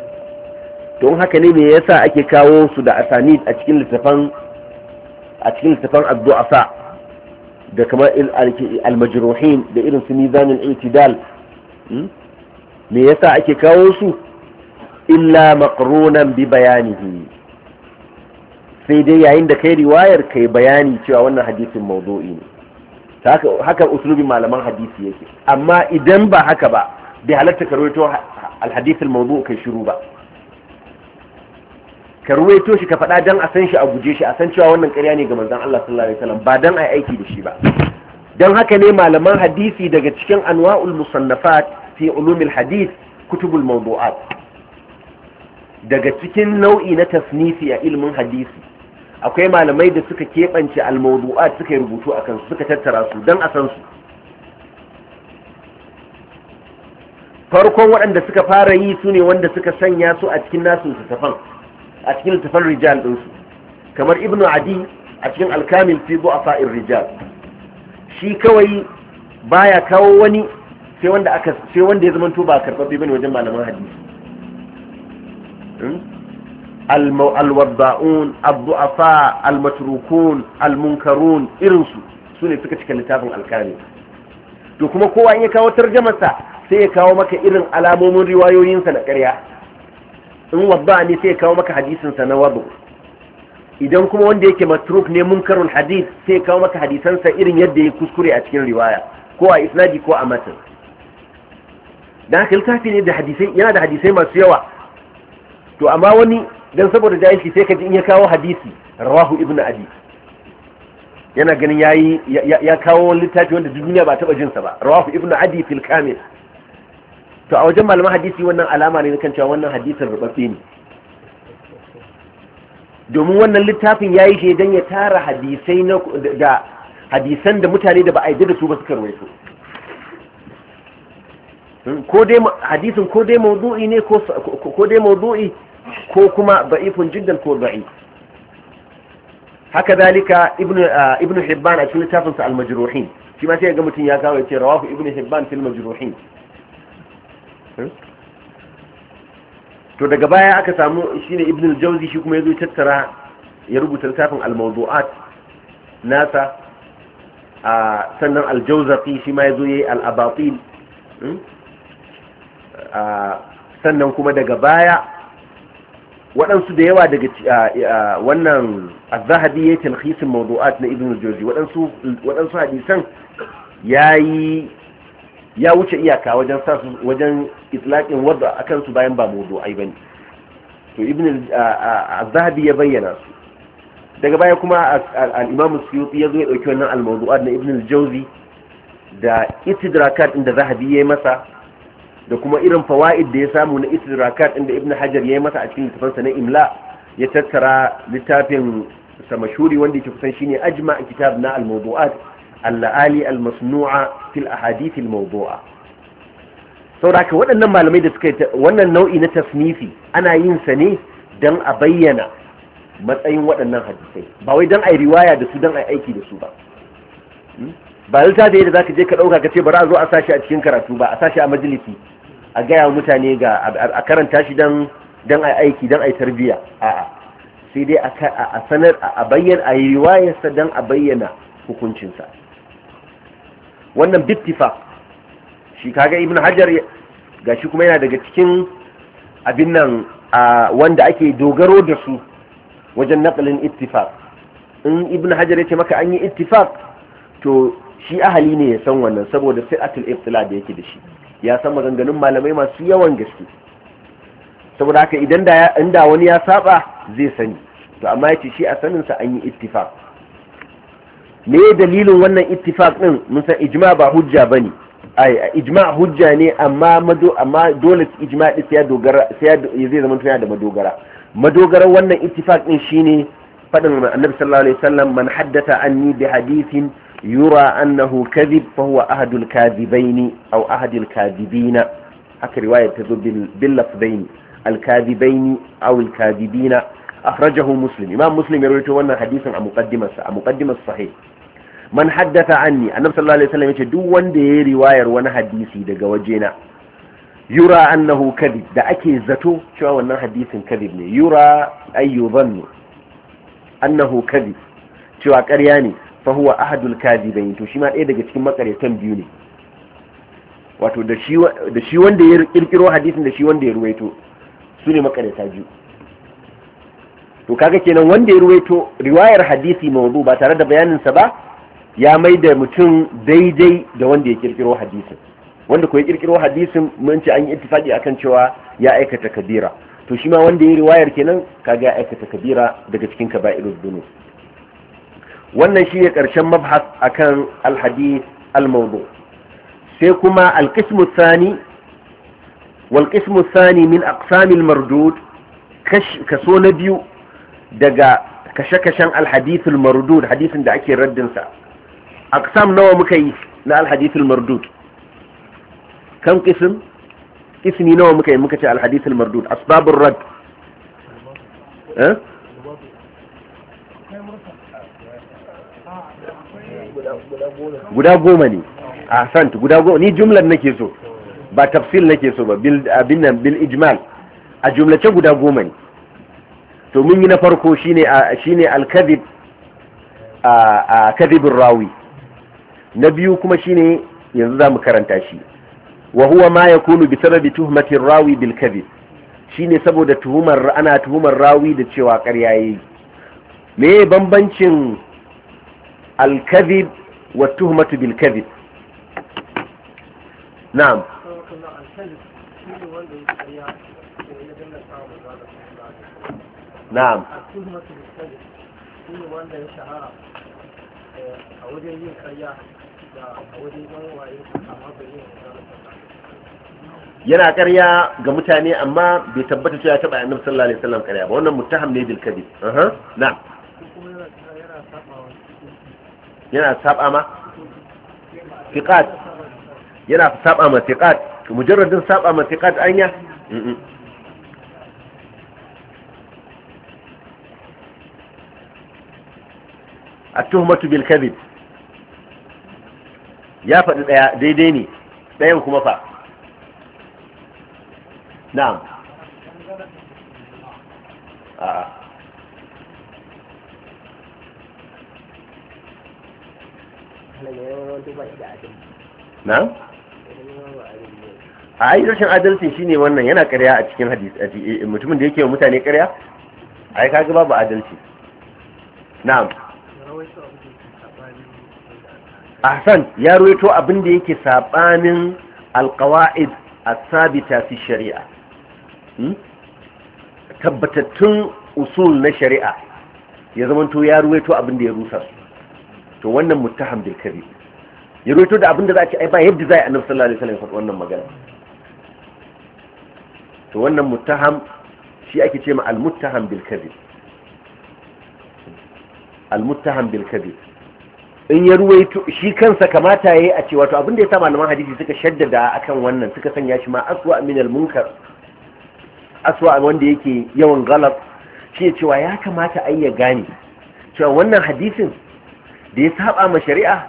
don haka ne me yasa ake kawo su da asanid a cikin littafan a cikin littafan addu'asa da kamar almajruhin da irin su nizanin itidal hmm? me yasa ake kawo su illa makarunan bi bayanihi sai dai yayin da kai riwayar kai bayani cewa wannan hadisin mawdu'i ne haka usulubin malaman hadisi yake amma idan ba haka ba bai halatta karwato alhadisin alhadith al kai shiru ba ka ruwaito shi ka faɗa don a san shi a guje shi a san cewa wannan ƙarya ne ga Manzan Allah sallallahu alaihi wasallam ba a yi aiki da shi ba Don haka ne malaman hadisi daga cikin anwa'ul musannafat fi ulumil Hadis kutubul mawdu'at daga cikin nau'i na tasnifi a ilimin hadisi akwai malamai da suka keɓance al-ma'du'a mawdu'at suka yi rubutu a kansu suka tattara su don a san su farkon waɗanda suka fara yi su ne wanda suka sanya su a cikin nasu tafan? a cikin tafan rijal ɗinsu kamar ibnu adi a cikin alkamil fi fa'in rijal shi kawai baya kawo wani sai wanda aka sai wanda ya zamanto ba karɓaɓɓe bane wajen malaman hadisi hmm? al-wadda'un almatrukun almunkarun al irinsu su ne suka cika littafin alkami to kuma kowa in ya kawo tarjamarsa sai ya kawo maka irin alamomin riwayoyinsa na ƙarya in wadda ne sai kawo maka hadisinsa na wadu idan kuma wanda yake matruk ne karun hadis, sai kawo maka hadisansa irin yadda ya kuskure a cikin riwaya ko a isnadi ko a matan dan haka littafi ne da yana da hadisai masu yawa to amma wani dan saboda jahilci sai ka in ya kawo hadisi rawahu ibnu abi yana ganin yayi ya kawo littafi wanda duniya ba taba jinsa ba rawahu ibnu adi fil to a wajen malaman hadisi wannan alama ne kan cewa wannan hadisin rubabbe ne domin wannan littafin ya yi shi ya tara hadisai da hadisan da mutane da ba a yi da su ba suka rawaito hmm, ko hadisin ko dai mawdu'i ne ko dai mawdu'i ko kuma ba'ifun jiddan ko ba'i haka dalika Ibn hibban a cikin littafinsa al-majruhin shi ma sai ga mutum ya kawo ya ce rawahu Ibn hibban fil majruhin to daga baya aka samu shine ibn al-jawzi shi kuma yazo tattara ya rubuta littafin al-mawdu'at nasa a sannan al jawzi shi ma yazo yayi al hmm? a sannan kuma daga baya waɗansu da yawa daga wannan az-zahabi yayi al mawdu'at na ibn al-jawzi waɗansu waɗansu hadisan yayi ya wuce iyaka wajen sa wajen itlaƙin wadda a su bayan ba ba ne to ibn al zahabi ya bayyana su daga baya kuma al-imam suyuti ya zo ya wannan al-mawdu'at na ibn al-jawzi da itidrakat inda zahabi ya yi masa da kuma irin fawaid da ya samu na itidrakat inda ibn hajar ya yi masa a cikin littafansa na imla ya tattara littafin sa mashuri wanda yake kusan shine ajma kitab na al-mawdu'at al-ali al-masnu'a fil ahadith al-mawdu'a sauraka waɗannan malamai da suka yi. wannan nau'i na tasnifi ana yin sa ne don a bayyana matsayin waɗannan hadisai ba wai don a yi riwaya da su don a aiki da su ba hmm? ba ta da yadda za ka je ka ɗauka ka ce ba za a zo a sashi a cikin karatu ba a sashi a majalisi a gaya wa mutane ga a karanta shi don don a aiki don a yi tarbiyya a'a sai dai a sanar a bayyana a yi riwayarsa don a bayyana hukuncinsa wannan bittifa shi kaga ibn hajar gashi kuma yana daga cikin abin nan wanda ake dogaro da su wajen naƙalin ittifak. in ibn hajar ya ce maka an yi ittifak, to shi ahali ne ya san wannan saboda fi'atul ibtila da yake da shi ya san maganganun malamai masu yawan gaske saboda haka idan da inda wani ya saba zai sani to amma yace shi a sanin sa an yi ittifak. me dalilin wannan ittifak din mun san ijma ba hujja bane ijma hujja ne amma dole ijma din sai dogara zai zama tana da madogara madogara wannan ittifaq ɗin shine fadin annabi sallallahu alaihi wasallam man haddata anni bi hadithin yura annahu kadhib fa huwa ahadul kadhibaini aw ahadul kadhibina haka riwayar ta zo bil lafdaini al kadhibaini aw al kadhibina akhrajahu muslim imam muslim ya rawaito wannan hadisin a muqaddimarsa a muqaddimar sahih man haddata anni annabi sallallahu alaihi wasallam yace duk wanda yayi riwayar wani hadisi daga wajena yura annahu kadhib da ake zato cewa wannan hadisin kadhib ne yura ay yuzannu annahu kadhib cewa ƙarya ne fa huwa ahadul kadibain to shi ma ɗaya daga cikin makaryatan biyu ne wato da shi da shi wanda ya kirkiro hadisin da shi wanda ya ruwaito su ne makaryata biyu to kaga kenan wanda ya ruwaito riwayar hadisi mawdu ba tare da bayanin sa ba ya mai da mutum daidai da wanda ya kirkiro hadisin wanda ko ya kirkiro hadisin mun ce an yi ittifaqi akan cewa ya aikata kabira to shi ma wanda ya riwayar kenan kaga ya aikata kabira daga cikin kaba'irud dunu wannan shi ne karshen mabhas akan al-hadith al-mawdu sai kuma al-qismu thani wal qismu thani min aqsam al-mardud kaso na biyu daga kashe-kashen al-hadith al-mardud hadisin da ake raddinsa aksam nawa muka yi na alhadithul mardud kan kisim ismi nawa muka yi muka ce alhadithul mardud asbabur rad eh guda goma ne a sant guda goma ni jumlar nake so ba tafsil nake so ba abin nan bil ijmal a jumlace guda goma ne to mun yi na farko shine shine al-kadhib a kadhibur rawi na biyu kuma shine yanzu za mu karanta shi wa huwa ma kunu bi sababi tuhmati rawi bil Shi shine saboda tuhumar ana tuhumar rawi da cewa karya yayi me bambancin al wa tuhmatu bil na'am na'am eh, a wajen yana karya ga mutane amma bai tabbata cewa ya taɓa annabi sallallahu alaihi wasallam karya ba wannan muttaham ne bil kadi aha na yana saba ma fiqat yana saba ma fiqat mujarradin saba ma fiqat anya A tuhmatu bil kadhib ya faɗi ɗaya daidai ne ɗayan kuma fa na'am a'a na'am a yi rashin adalci shine wannan yana ƙarya a cikin hadisi eh, mutumin da yake wa mutane ƙarya yi kaga babu adalci na'am ahsan ya ruwaito abin da yake sabanin alqawaid as-sabita fi shari'a hmm? tabbatattun usul na shari'a ya zamanto ya ruwaito abin da ya rusa to wannan muttaham bil kabi ya ruwaito da abin da za a ce ai ba yadda zai annabi sallallahu alaihi wasallam ya faɗi wannan magana to wannan muttaham shi ake ce ma al-muttaham bil kabi al-muttaham bil kabi in ya ruwaito shi kansa kamata yayi a ce wato abin da ya sa malaman hadisi suka shaddada akan wannan suka sanya shi ma aswa minal munkar aswa wanda yake yawan galab shi ya cewa ya kamata ai ya gane cewa wannan hadisin da ya saba ma shari'a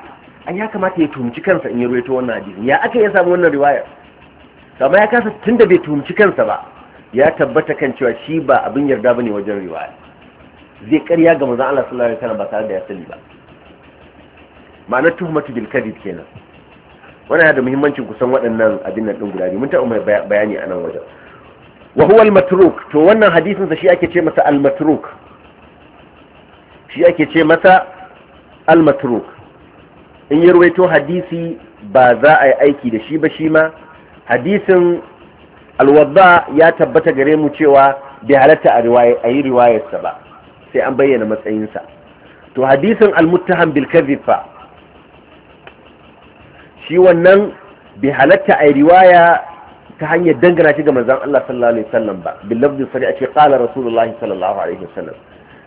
an ya kamata ya tumci kansa in ya ruwaito wannan hadisin ya aka ya samu wannan riwayar amma ya kasa tunda bai tumci kansa ba ya tabbata kan cewa shi ba abin yarda bane wajen riwaya zai karya ga manzon Allah sallallahu alaihi wasallam ba tare da ya sani ba ma'anar tuhmatu bil kadhib kenan wannan yana da muhimmancin kusan waɗannan abin nan din guda biyu mun taɓa mai bayani a nan wajen wa huwa al matruk to wannan hadisin sa shi ake ce masa al matruk shi ake ce masa al matruk in ya ruwaito hadisi ba za a yi aiki da shi ba shi ma hadisin alwadda ya tabbata gare mu cewa bai halatta a yi riwayarsa ba sai an bayyana matsayinsa to hadisin almuttaham bil kadhib fa shi wannan bai halatta a riwaya ta hanyar dangana shi ga manzan Allah sallallahu alaihi wasallam ba bil lafzi sai a ce qala rasulullahi sallallahu alaihi wasallam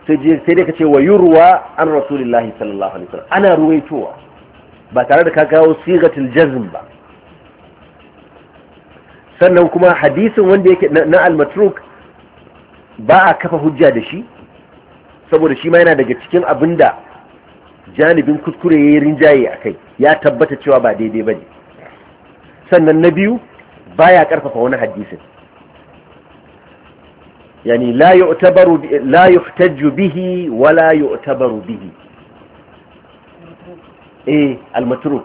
sai je sai dai kace wa yurwa an rasulullahi sallallahu alaihi wasallam ana ruwaitowa ba tare da ka gawo sigatul jazm ba sannan kuma hadisin wanda yake na al-matruk ba a kafa hujja da shi saboda shi ma yana daga cikin abinda janibin kuskure ya yi rinjaye a kai ya tabbata cewa ba daidai ba ne sannan na biyu ba ya karfafa wani hadisin yani la yi la bihi wa la yu'tabaru bihi eh almaturu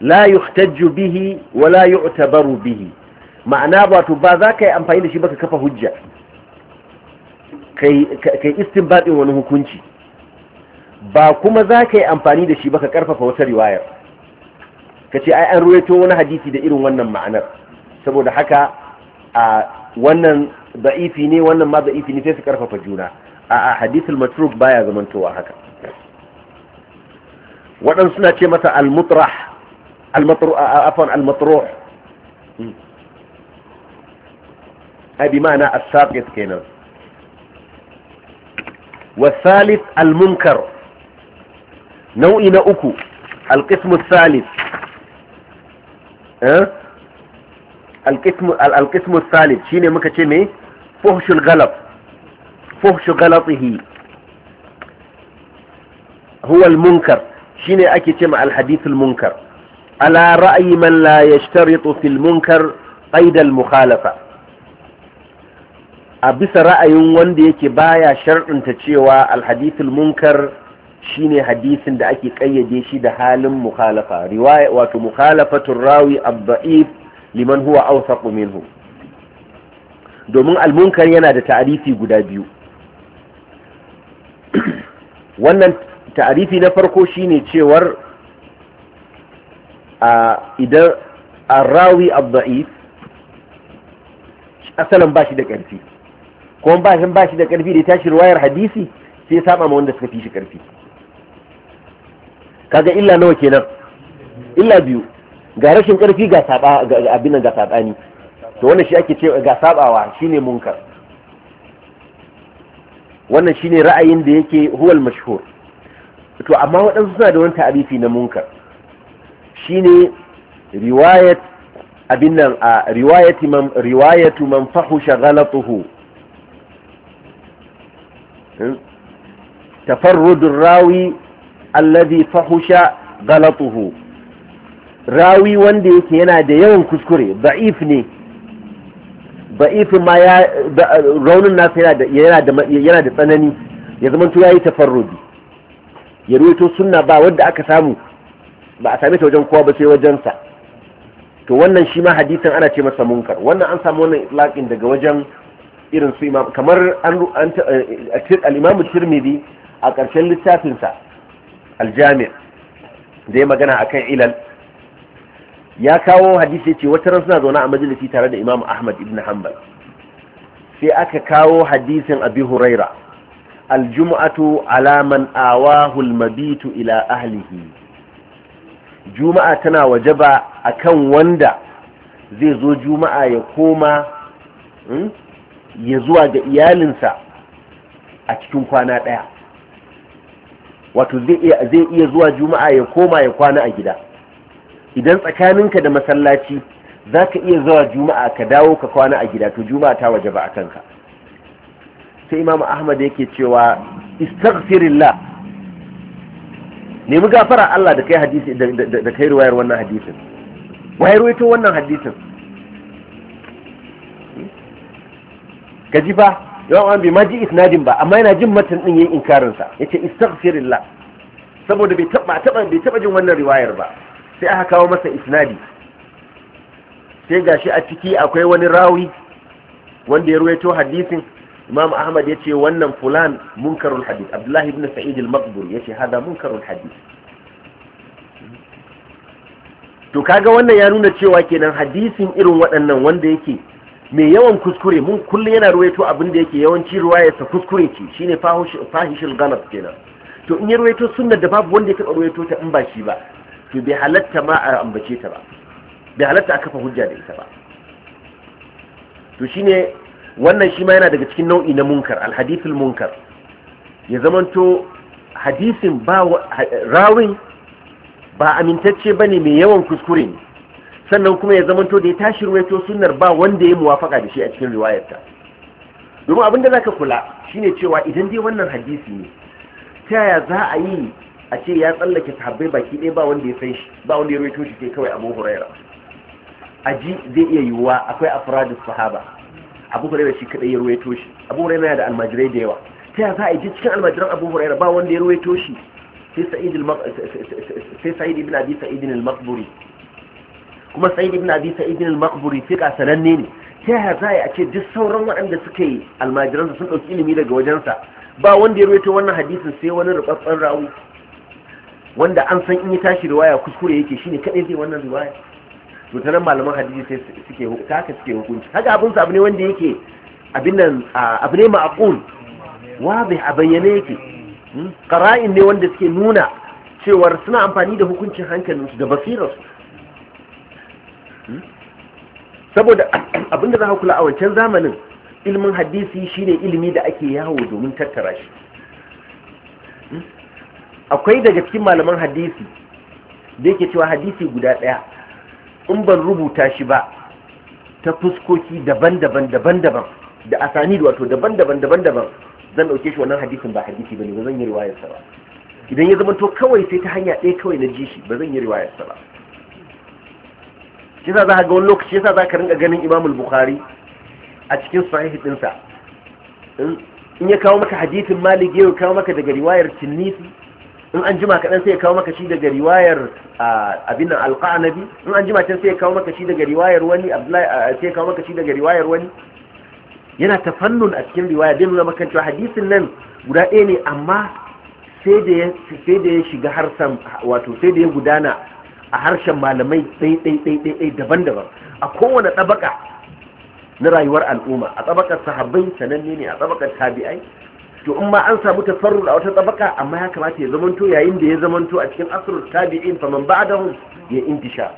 la yuhtaju bihi wa la yu'tabaru bihi ma'ana ba to ba za ka yi amfani da shi ba ka kafa hujja kai istin baɗin wani hukunci ba kuma za ka yi amfani da shi ba ka karfafa wata riwayar ka ce ai an ruwaito wani hadisi da irin wannan ma'anar saboda haka a wannan ba'ifi ne wannan ma ba'ifi ne sai su karfafa juna a a hadisul matruk baya zamantowa haka waɗansu suna ce masa al-mutrah afon al-matruh hmm. abi ma'ana as-saqit kenan والثالث المنكر nau'i na uku alƙismu salif eh? alƙismu salis shi ne muka ce mai fuhshul galab fuhshul galabihi huwal munkar shi ne ake ce ma alhadithul munkar ala ra'ayi man la yashtaritu fil munkar qaidal mukhalafa a bisa ra'ayin wanda yake baya sharɗinta cewa alhadithul munkar shine hadisin da ake kayyade shi da halin mukhalafa riwaya wato mukhalafatul rawi ad-da'if liman huwa awsaq minhu domin al-munkar yana da ta'arifi guda biyu wannan ta'arifi na farko shine cewar a idan ar-rawi ad-da'if asalan bashi da karfi kuma bashin bashi da karfi da tashi riwayar hadisi sai saba ma wanda suka fi shi karfi kaga illa nawa kenan illa biyu ga rashin karfi ga saba ga abin ga sabani to wannan shi ake cewa ga sabawa shine munkar wannan shine ra'ayin da yake huwal mashhur to amma waɗansu suna da wani ta'arifi na munkar shine riwayat abin nan a riwayati man riwayatu man fahusha ghalatuhu hmm? tafarrudur rawi alladhi fahusha ghalatuhu rawi wanda yake yana da yawan kuskure da'if ne da'if ma ya raunin nasa yana da yana da yana da tsanani ya zama to yayi tafarrudi ya ruwaito sunna ba wanda aka samu ba a same ta wajen kowa ba sai wajen sa to wannan shi ma hadisin ana ce masa munkar wannan an samu wannan itlaqin daga wajen irin su imam kamar an eh, al imam tirmidhi a ƙarshen littafinsa aljami da magana akan ilal ya kawo hadisi ce wata ran suna zaune a majalisi tare da Imam Ahmad ibn Hanbal sai aka kawo hadisin Abi Huraira aljum'atu alaman man awahu almabitu ila ahlihi juma'a tana wajaba akan wanda zai zo juma'a ya koma hmm, ya zuwa ga iyalinsa a cikin kwana ɗaya wato zai iya zuwa juma'a ya koma ya kwana a gida idan tsakaninka da masallaci za ka iya zuwa juma'a ka dawo ka kwana a gida to juma'a ta waje ba a kanka sai imamu ahmad yake cewa istaghfirillah nemi gafara Allah da kai hadisi da kai ruwayar wannan hadisin wayar ruwaito wannan hadisin ka ji fa yawan an bai ma ji isnadin ba amma yana jin matan din yayin inkarin sa yace istaghfirullah saboda bai taba taba bai taba jin wannan riwayar ba sai aka kawo masa isnadi sai gashi a ciki akwai wani rawi wanda ya ruwaito hadisin imam ahmad yace wannan fulan munkarul hadith abdullah ibn sa'id al-maqbur yace hada munkarul hadith to kaga wannan ya nuna cewa kenan hadisin irin waɗannan wanda yake mai yawan kuskure mun kullum yana ruwaito abin da yake yawanci ruwayarsa kuskure ce shine fahishul galab kenan to in ya ruwaito sunnar da babu wanda ya taɓa ruwaito ta in ba shi ba to bai halatta ma a ambace ta ba bai halatta a kafa hujja da ita ba to shine wannan shi ma yana daga cikin nau'i na munkar alhadithul munkar ya zamanto hadisin ba rawin ba amintacce bane mai yawan kuskure ne sannan kuma ya zamanto da ya tashi ruwaito sunnar ba wanda ya muwafaka da shi a cikin riwayarta domin abin da zaka kula shine cewa idan dai wannan hadisi ne ta yaya za a yi a ce ya tsallake sahabbai baki ɗaya ba wanda ya san shi ba wanda ya ruwaito shi kai kawai Abu Huraira aji zai iya yiwuwa akwai afradus sahaba Abu Huraira shi kadai ya ruwaito shi Abu Huraira yana da almajirai da yawa ta yaya za a yi cikin almajiran Abu Huraira ba wanda ya ruwaito shi sai Sa'id al-Maqburi sai Sa'id ibn Abi Sa'id al-Maqburi kuma sai ibn abi sa'id al-maqburi fiqa sananne ne ta yaya za a ce duk sauran waɗanda suka yi almajiransa sun ɗauki ilimi daga wajensa ba wanda ya rawaito wannan hadisin sai wani rubatsan rawu. wanda an san in ya tashi riwaya kuskure yake shine kadai zai wannan riwaya to ta malaman hadisi sai suke haka suke hukunci haka abin sa abu ne wanda yake abin nan abu ne ma'qul wazi a bayyane yake hmm? qara'in ne wanda suke nuna cewar suna amfani da hukuncin hankalinsu da basirarsu saboda abinda za ka kula a wancan zamanin ilimin hadisi shine ilimi da ake yawo domin tattara shi hmm? akwai daga cikin malaman hadisi da yake cewa hadisi guda ɗaya in ban rubuta shi ba ta fuskoki daban-daban daban-daban da asani wato daban-daban daban-daban zan ɗauke shi wannan hadisin ba hadisi bane ba zan yi riwayarsa ba idan ya zama to kawai sai ta hanya ɗaya kawai na ji shi ba zan yi riwayarsa ba shi yasa za ga wani lokaci yasa za ka rinka ganin imamul bukhari a cikin sahih dinsa in ya kawo maka hadithin malik ya kawo maka daga riwayar tinnisi in an jima kaɗan sai ya kawo maka shi daga riwayar abin nan alƙa'anabi in an jima can sai ya kawo maka shi daga riwayar wani Abdullahi sai ya kawo maka shi daga riwayar wani yana ta fannun a cikin riwaya zai nuna maka cewa hadisin nan guda ɗaya ne amma sai da ya shiga harsan wato sai da ya gudana a harshen malamai ɗai-ɗai-ɗai daban-daban a kowane ɗabaka na rayuwar al'umma a ɗabakar sahabbai sananne ne a ɗabakar tabi'ai to in ma an samu tafarru a wata ɗabaka amma ya kamata ya zamanto yayin da ya zamanto a cikin asirar tabi'in faman ba'adahum ya intisha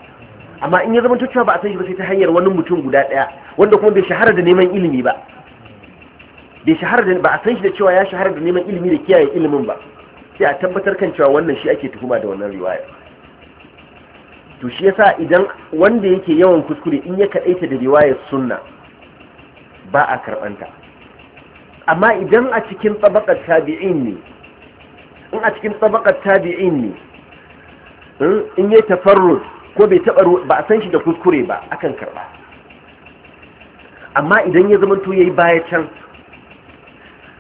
amma in ya zamanto cewa ba a san shi ba sai ta hanyar wani mutum guda ɗaya wanda kuma bai shahara da neman ilimi ba bai shahara da ba a san shi da cewa ya shahara da neman ilimi da kiyaye ilimin ba sai a tabbatar kan cewa wannan shi ake tuhuma da wannan riwaya to shi yasa idan wanda yake yawan kuskure in ya kaɗaita da riwayar sunna ba a karɓanta amma idan a cikin tsabakar tabi'in ne in a cikin tsabakar tabi'in ne hmm, in ya tafarrus ko bai taɓa ba a san shi da kuskure ba akan karɓa amma idan ya zama to yi baya can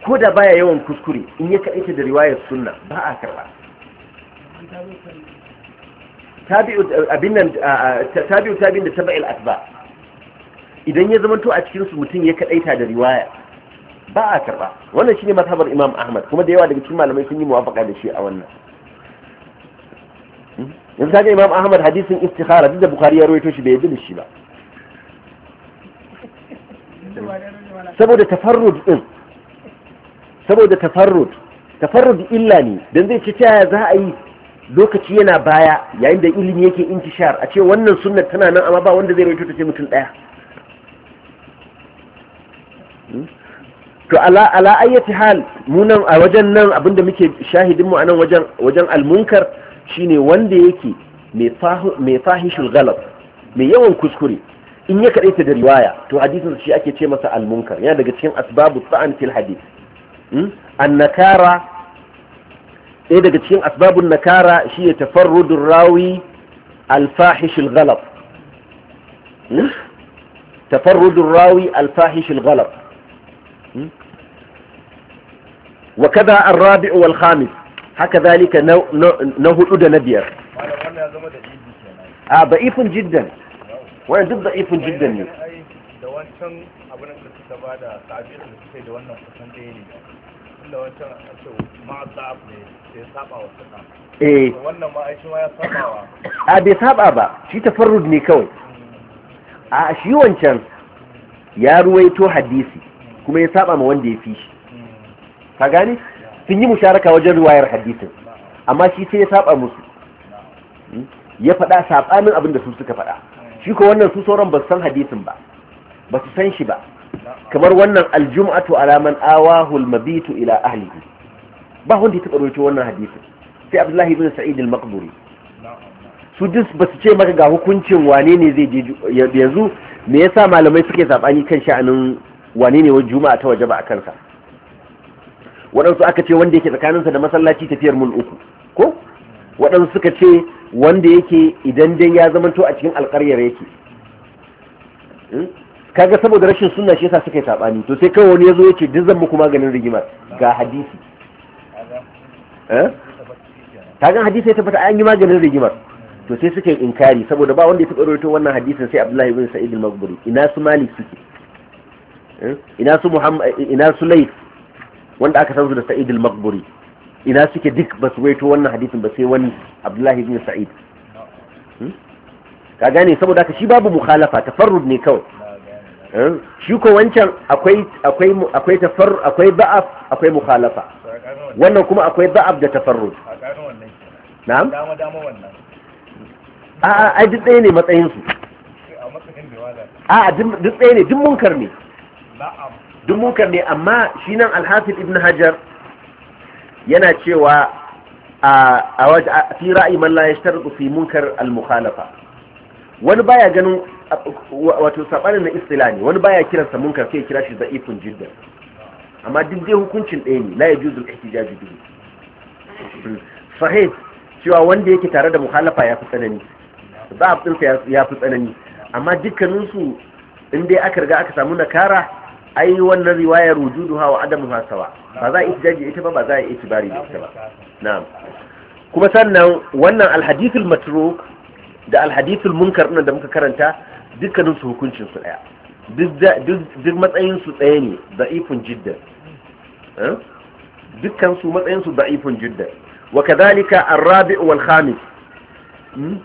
ko da baya yawan kuskure in ya kaɗaita da riwayar sunna ba a karɓa tabi'u abin tabi'in da taba'il asba idan ya zamanto a cikin su mutum ya kadaita da riwaya ba a karba wannan shine mazhabar Imam Ahmad kuma da yawa daga cikin malamai sun yi muwafaka da shi a wannan hmm? yanzu kaga Imam Ahmad hadisin istikhara duk da Bukhari ya rawaito shi bai yi shi ba saboda tafarrud din saboda tafarrud tafarrud illa ne dan zai ci ta za a yi lokaci yana baya yayin da ilimi yake intishar a ce wannan sunnar tana nan amma ba wanda zai rawaito ta ce mutum daya hmm? to ala ala ayyati hal munan a wajen nan abinda muke shahidin mu anan wajen wajen almunkar shine wanda yake mai fahishul galab mai yawan kuskure in ya ta da riwaya to hadisin shi ake ce masa almunkar yana daga cikin asbabu sa'an fil hadith hmm? an nakara ɗaya daga cikin asbabun nakara shi ya tafarrudun rawi alfahishin galab tafarrudun rawi alfahishin galab wa kada an rabi'u wal khamis haka zalika na hudu da na biyar a da'ifin jiddan wayan duk da'ifin jiddan ne da wancan abin da suka ba da da suka yi da wannan kusan ɗaya ne a bai saba ba shi tafarrud ne kawai a shi wancan ya ruwaito hadisi kuma ya saba ma wanda ya fi shi ka gani sun yi musharaka wajen ruwayar hadisin amma shi sai ya saba musu hmm? ya faɗa saɓanin abin da su suka faɗa shi ko wannan su sauran ba san hadisin ba ba su san shi ba kamar wannan aljum'atu ala man awahu al-mabitu ila ahlihi ba wanda ya taba wannan hadisi sai abdullahi ibn sa'id al-maqburi su duk ba su ce maka ga hukuncin wane ne zai je yanzu me yasa malamai suke sabani kan sha'anin wane ne wa juma'a ta waje ba a kansa waɗansu aka ce wanda yake tsakaninsa da masallaci tafiyar mul uku ko waɗansu suka ce wanda yake idan dan ya zamanto a cikin alƙaryar yake hmm? kaga saboda rashin sunna shi yasa suka yi sabani to sai kawai wani yazo yace duk zan muku maganin rigima ga hadisi eh? Ta gan hadisi ya tabbata an yi maganin rigima to sai suka yi inkari saboda ba wanda ya taɓa rawaito wannan hadisin sai Abdullahi ibn Sa'id al-Maghburi ina su Malik suke eh? ina su Muhammad ina su Layth wanda aka san su da Sa'id al-Maghburi ina suke duk ba su waito wannan hadisin ba sai wani Abdullahi ibn Sa'id hmm? ka gane saboda haka shi babu mukhalafa tafarrud ne kawai Eh? shi ko wancan akwai akwai tafar akwai ba'af akwai mukhalafa wannan kuma akwai ba'af da tafarru na'am a a duk ɗaya ne matsayin su a duk tsaye ne duk munkar ne duk munkar ne amma shi nan alhafiz ibn hajar yana cewa a fi ra'ayi mallaye shi yashtaritu fi munkar al-mukhalafa wani baya ganin wato sabanin na istilani ne wani baya kiransa munkar sai kira shi za'ifin jidda amma duk dai hukuncin ɗaya ne la yajuzul ihtijaj bihi sahih cewa wanda yake tare da mukhalafa ya fi tsanani da'af din sa ya fi tsanani amma dukkanin su in dai aka riga aka samu nakara ai wannan riwayar wujuduha wa adamu hasawa ba za a ihtijaji ita ba ba za a itibari da ita ba na'am kuma sannan wannan alhadithul matruk da alhadithul munkar din da muka karanta dukkanin su hukuncin su daya duk matsayin su daya ne ifin jiddan eh? dukkan su matsayin su ifin jiddan wa kadhalika ar-rabi' wal khamis hmm?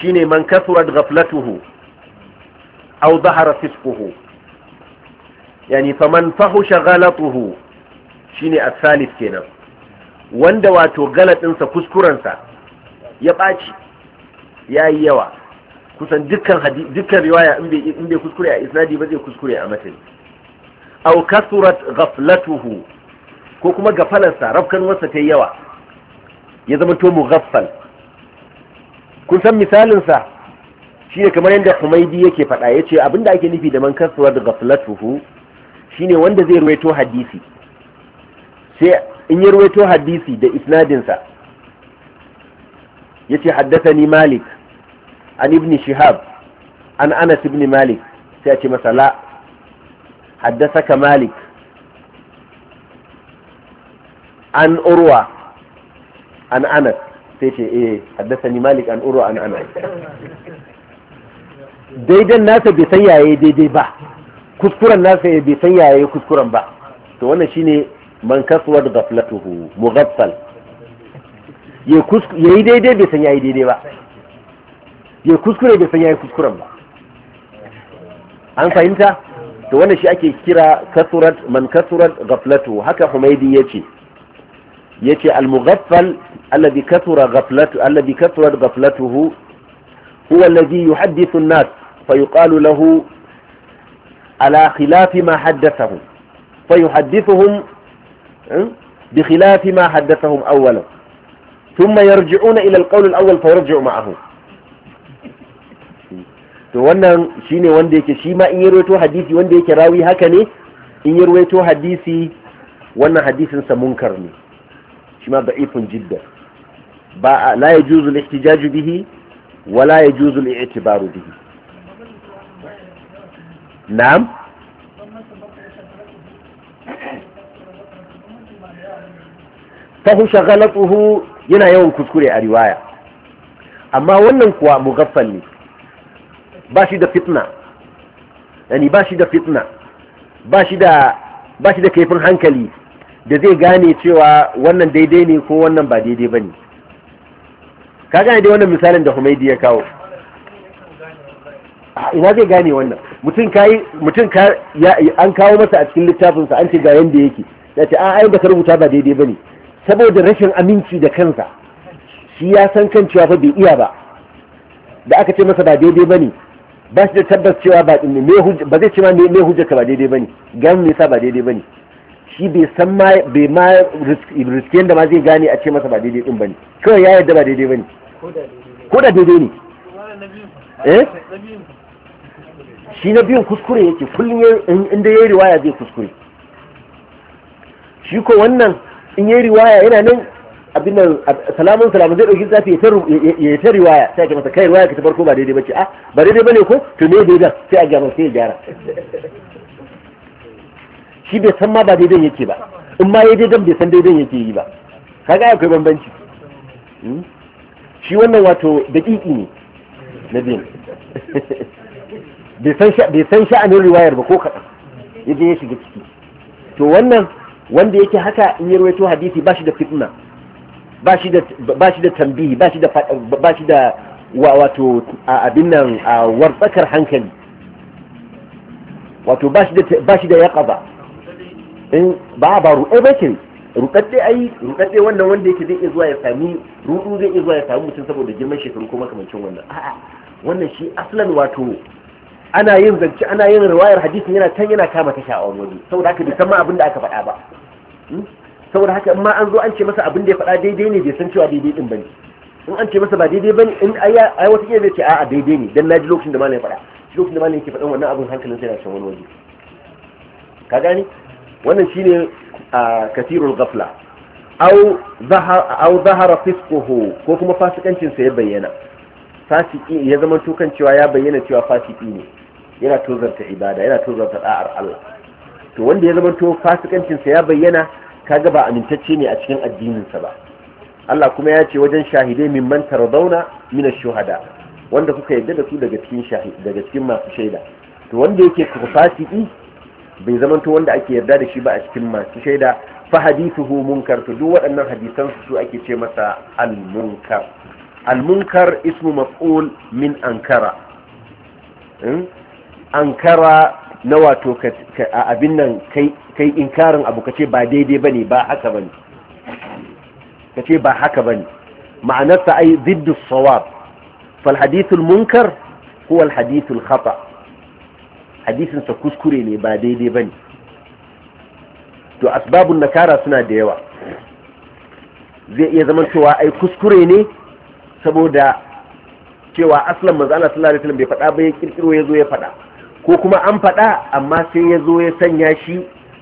shine man kasurat ghaflatuhu aw dhahara fisquhu yani faman fahu shaghalatuhu shine as-salis kenan wanda wato galadin kuskurensa ya ɓaci ya yi yawa kusan dukkan riwaya in bai kuskure a isnadi ba zai kuskure a matani aw kasurat ghaflatuhu ko kuma gafalarsa rafkan wasa ta yawa ya zama to mughaffal kun san misalin sa shine kamar yadda Humaidi yake faɗa yace abinda ake nufi da man kasurat ghaflatuhu shine wanda zai ruwaito hadisi sai in ya ruwaito hadisi da isnadinsa yace haddathani Malik an ibn shihab an anas ibn malik sai a ce masa la ka malik an urwa an anas sai ce eh haddasani malik an urwa an anas daidan nasa bai san yaye daidai ba kuskuren nasa ya bai san yaye kuskuren ba to wannan shine man kasuwar gaflatuhu mughaffal ya yi daidai bai san yayi daidai ba ya kuskure bai san yayi kuskuren ba an fahimta to wannan shi ake kira kasurat man kasurat ghaflatu haka humaidi yace yace al-mughaffal alladhi kathura ghaflatu alladhi kasurat ghaflatuhu huwa alladhi yuhaddithu an-nas fayuqalu lahu ala khilafi ma haddathahu fayuhaddithuhum بخلاف ما حدثهم أولا ثم يرجعون إلى القول الأول فيرجع معه to wannan shine wanda yake shi ma in yi rawaito hadisi wanda yake rawi haka ne in yi rawaito hadisi wannan hadisin sa munkar ne shi ma da'ifun jidda ba la yajuzu al-ihtijaju bihi wa la yajuzu al-i'tibaru bihi na'am fahu shaghalatuhu yana yawan kuskure a riwaya amma wannan kuwa mugaffal ne ba shi da fitna yani ba shi da fitna ba shi da da kaifin hankali da zai gane cewa wannan daidai ne ko wannan ba daidai ba ne ka gane dai wannan misalin da humaidi ya kawo ah, ina zai gane wannan mutum kayi ka an kawo masa a cikin littafinsa an ce ga yanda yake ya ce a ah, ai rubuta ba daidai ba ne saboda rashin aminci da kansa shi ya san kan cewa fa bai iya ba da aka ce masa ba daidai ba ne ba shi da tabbas cewa ba ba zai ce ma me hujja ka ba daidai bane gan me yasa ba daidai bane shi bai san ma bai ma riskiyan da ma zai gane a ce masa ba daidai din bane kawai ya yarda ba daidai bane ko da daidai ne eh shi na biyun kuskure yake kullum inda ya yi riwaya zai kuskure shi ko wannan in yi riwaya yana nan abin nan salamun salamun zai dauki zafi ya ta riwaya sai ake masa kai riwaya ka tabar ko ba daidai bace A ah, ba daidai bane ko to me daidai sai a gyara sai ya gyara shi bai san ma ba daidai yake ba in ma ya daidai bai san daidai yake yi ba kaga akwai bambanci hmm? shi wannan wato daƙiƙi ne na bin. bai san sha'anin riwayar ba ko kaɗan ya ya shiga ciki to wannan wanda yake haka in yi rawaito hadisi ba shi da fitna ba shi da tambihi ba shi da wato abin nan wartsakar hankali wato ba shi da ƙaba in ba ba ruɗe ba ke ruɗaɗɗe yi ruɗaɗɗe wannan wanda yake zai zuwa ya sami ruɗu zai zuwa ya sami mutum saboda girman shekaru ko makamancin wannan a'a wannan shi aslan wato ana yin zance ana yin riwayar hadisin yana can yana kama ta sha'awar wani saboda haka bai san ma abin da aka faɗa ba hmm? saboda haka in ma an zo an ce masa abin da ya faɗa daidai ne bai san cewa daidai din bane in an ce masa ba daidai bane in aya ai wata kiyar zai ce a'a daidai ne dan naji lokacin da malam ya faɗa lokacin da malamin yake faɗan wannan abin hankalin sai ya san wani waje ka gani wannan shine a kathirul ghafla aw zahara aw zahara fisquhu ko kuma fasikancin sa ya bayyana fasiki ya zama tukan cewa ya bayyana cewa fasiki ne yana tozarta ibada yana tozarta da'ar Allah to wanda ya zama to fasikancin sa ya bayyana kaga ba amintacce ne a cikin addininsa ba Allah kuma ya ce wajen shahide min man tarzauna min ash-shuhada wanda kuka yadda da su daga cikin shahid daga cikin masu shaida to wanda yake fasiki bai zamanto wanda ake yarda da shi ba a cikin masu shaida fa hadithuhu munkar to duk waɗannan hadisan su ake ce masa al-munkar al-munkar ismu maf'ul min ankara hmm? ankara na wato abin nan kai inkarin abu kace ba daidai ba ne ba haka bane kace ba haka ne ma'anarsa ai ziddu sawab fal hadithul munkar huwa al hadithul khata sa kuskure ne ba daidai ba ne to asbabun nakara suna da yawa zai iya zaman cewa ai kuskure ne saboda cewa aslan manzo Allah sallallahu alaihi wasallam bai faɗa ba ya kirkiro ya zo ya faɗa ko kuma an faɗa amma sai ya zo ya sanya shi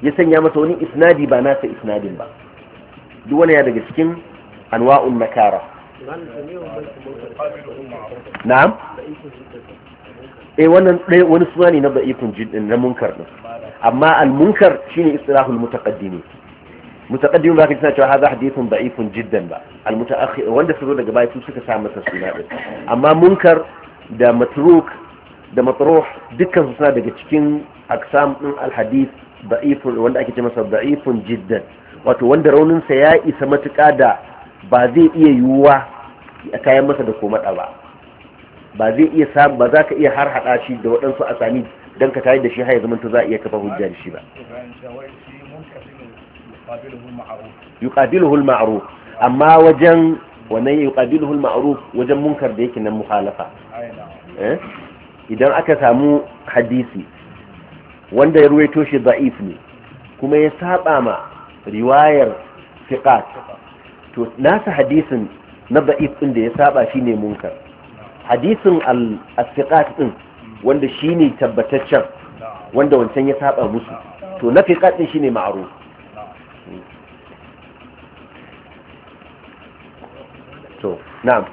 ya sanya masa wani isnadi ba nasa isnadin ba duk wani ya daga cikin anwa'un makara na'am eh wannan ɗaya wani suna ne na ba'ikun jiddin na munkar din amma al-munkar shine istilahul mutaqaddimi mutaqaddimi ba ka ji cewa hadha hadithun da'ifun jiddan ba al-mutaakhir wanda su zo daga baya su suka sa masa suna din amma munkar da matruk da matruh dukkan su suna daga cikin aksam din alhadith da'ifun wanda ake ce masa da'ifun jiddan wato wanda raunin sa ya isa matuƙa da ba zai iya yiwuwa a kayan masa da komada ba ba zai iya samu ba za ka iya har hada shi da waɗansu asani dan ka tare da shi har ya zamanta za a iya kafa hujja da shi ba yuqabiluhu al-ma'ruf amma wajen wannan yuqabiluhu al-ma'ruf wajen munkar da yake nan muhalafa eh idan aka samu hadisi wanda ya ruwaito shi za'if ne kuma ya saba ma riwayar fiqat to nasa hadisin na za'if din da ya saba shine munkar hadisin al-fiqat din wanda shine tabbataccen wanda wancan ya saba musu to na fiqat din shine ma'ruf to na'am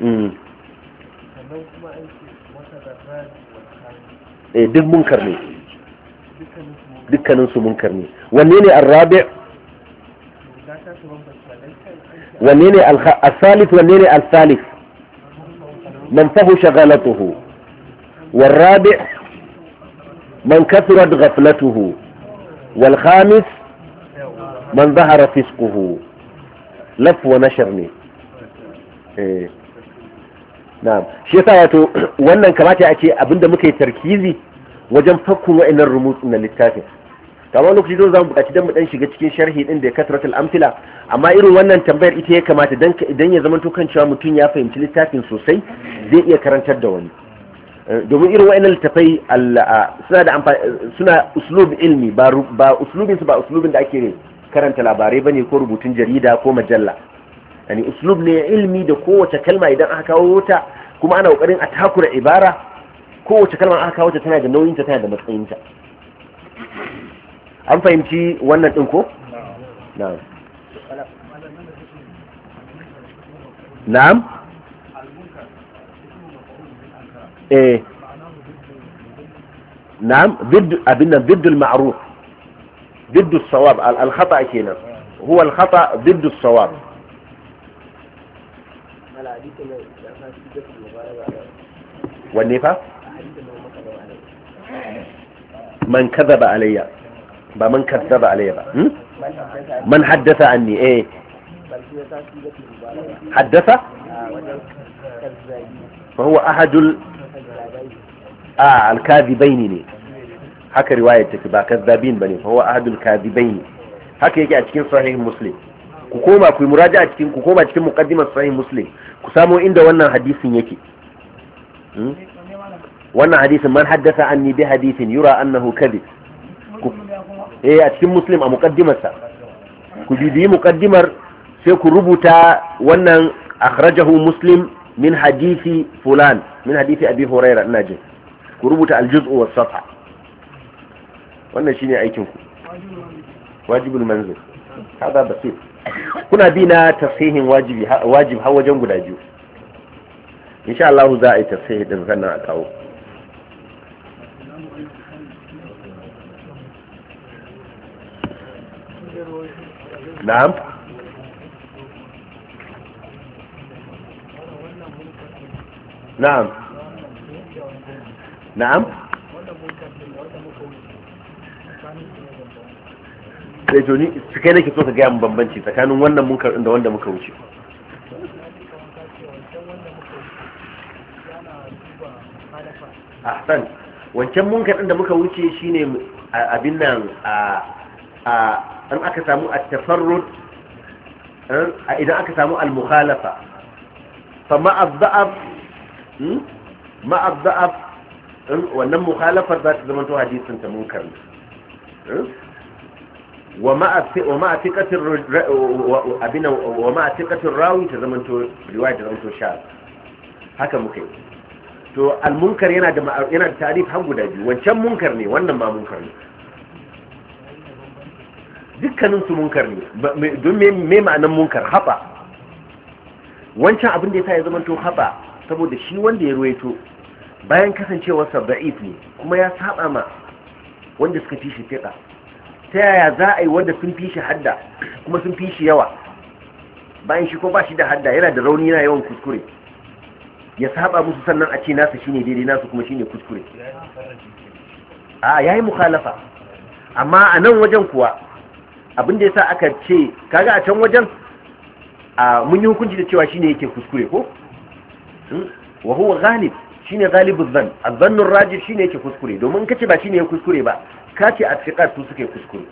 sannan kuma aiki wata da eh duk munkar ne dukkaninsu munkar ne wanne ne arrabi wanne ne al-salif wanne ne al-salif man fahusha ghalatuhu والرابع من كثرت غفلته والخامس من ظهر فسقه لف ونشرني ايه na'am shi yasa wato wannan kamata a ce abinda muka yi tarkizi wajen fakkun wa'annan rumutsu na littafin kamar lokaci zan za mu buƙaci don mu dan shiga cikin sharhi din da ya katratul amsila amma irin wannan tambayar ita ya kamata dan idan ya zama to kan cewa mutum ya fahimci littafin sosai zai iya karantar da wani eh, domin irin wa'annan littafai suna da suna uslub ilmi ba uslubinsu ba uslubin da ake karanta labarai bane ko rubutun jarida ko majalla yani uslub ne ilmi da kowace kalma idan aka kawo ta kuma ana kokarin a takura ibara kowace kalma aka kawo ta tana da nauyin ta tana da matsayin ta an fahimci wannan din ko na'am na'am eh na'am bid abin nan bidul ma'ruf bidul sawab al khata kenan huwa al khata bidul sawab wanne fa man kadhaba alayya ba man kadhaba alayya ba man haddatha anni eh haddatha fa huwa ahadul ah al-kadhibayn ne haka riwayar take ba kadhabin bane fa huwa ahadul kadhibayn haka yake a cikin sahih muslim ku koma ku muraja a cikin ku koma cikin muqaddimar sahih muslim ku samo inda wannan hadisin yake hmm? wannan hadisin man haddasa anni bi hadisin yura annahu kadhib eh a cikin muslim a muqaddimarsa ku bibiyi muqaddimar sai ku rubuta wannan akhrajahu muslim min hadisi fulan min hadisi abi hurairah ina jin ku rubuta aljuz'u was safa wannan shine aikin ku wajibul manzil hada basit kuna bi na tasihin wajibi wajib har wajen guda biyu insha Allah za a yi tasihi din sannan a kawo na'am na'am na'am da to ni kai nake so ka gaya mu bambanci tsakanin wannan munkar da wanda muka wuce ahsan wancan munkar din da muka wuce shine abin nan a a an aka samu at-tafarrud eh, idan aka samu al-mukhalafa fa ma az ma az wannan mukhalafar za ta zama to hadisin ta munkar eh? wa ma a abin wa ma'a rawi ta zamanto riwaya ta zamanto sha haka muka yi to almunkar yana da yana da tarif har guda biyu wancan munkar ne wannan ma munkar ne dukkanin su munkar ne don me ma'anan munkar haɓa wancan abin da ya sa ya zamanto haɓa saboda shi wanda ya ruwaito bayan kasancewarsa ba'if ne kuma ya saba ma wanda suka fi shi fiɗa ta yaya za a yi wanda sun fi shi hadda kuma sun fi shi yawa bayan shi ko ba shi da hadda yana da rauni yana yawan kuskure ya saba musu sannan a ce nasa shine daidai nasu kuma shine kuskure a yayi mukhalafa amma a nan wajen kuwa abin da yasa aka ce kaga a can wajen a mun yi hukunci da cewa shine yake kuskure ko hmm? wa huwa ghalib shine ghalibuz zan, a zannu ar-rajih shine yake kuskure domin kace ba shine yake kuskure ba kace a fiƙar su suke kuskure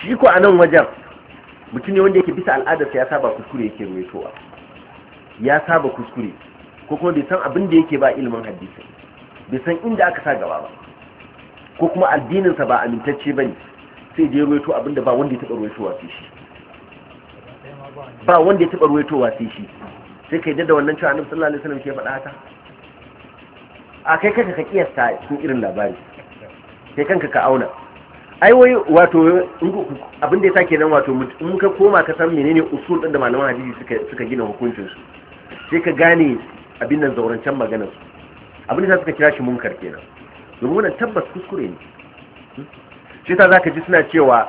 shi ko a nan wajen mutum ne wanda yake bisa al'adarsa ya saba kuskure yake ruwaitowa ya saba kuskure ko kuma bai san abin da yake ba ilimin hadisi bai san inda aka sa gaba ba ko kuma addininsa ba amintacce ba ne sai je ruwaito abin da ba wanda ya taɓa ruwaitowa sai shi ba wanda ya taɓa ruwaitowa sai shi sai ka yi da wannan cewa annabi sallallahu alaihi wasallam ke faɗa haka a kai kaka ka kiyasta cikin irin labari kai kanka ka auna ai wai wato abin da ya sake nan wato Mun ka koma ka san menene usul din da malaman hadisi suka suka gina hukuncin su sai ka gane abin nan zaurancan maganar su abin da suka kira shi munkar kenan domin wannan tabbas kuskure ne shi ta zaka ji suna cewa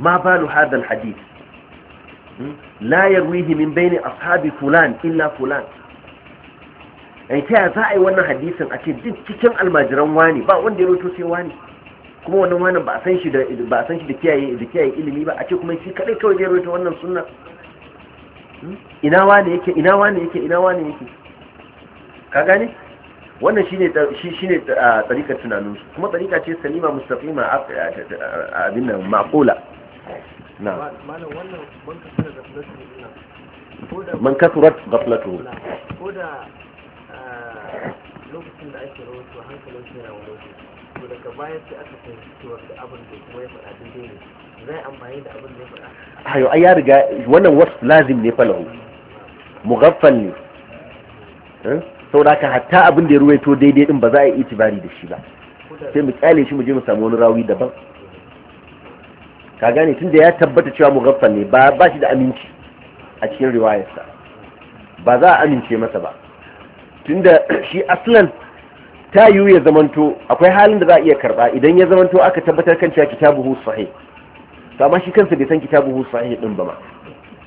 ma balu hadal hadith hmm? la yarwihi min bayni ashabi fulan illa fulan ai ta za a yi wannan hadisin a ce duk cikin almajiran wani ba wanda ya roto sai wani kuma wannan wani ba san shi da ba san shi da kiyaye da kiyaye ilimi ba a ce kuma shi kadai kawai zai roto wannan sunna ina wani yake ina wani yake ina wani yake ka gane wannan shine shi shine tsarikar tunanin su kuma tsarika ce salima mustaqima abin nan maqula na malam wannan man kasurat gaflatu ko da lokacin da ake rahoto hankalin shi yana sai ya faɗa daidai ne zai riga wannan wasu lazim ne falahu ne eh? saboda ka hatta abin da ya ruwaito daidai din ba za a yi itibari da shi ba sai mu kyale shi mu je mu samu wani rawi daban ka gane tunda ya tabbata cewa mughaffal ne ba ba shi da aminci a cikin riwayarsa ba za a amince masa ba tunda shi aslan ta yiwu ya zamanto akwai halin da za a iya karba idan ya zamanto aka tabbatar kan cewa hu sahih to amma shi kansa bai san kitabu hu sahih din ba ma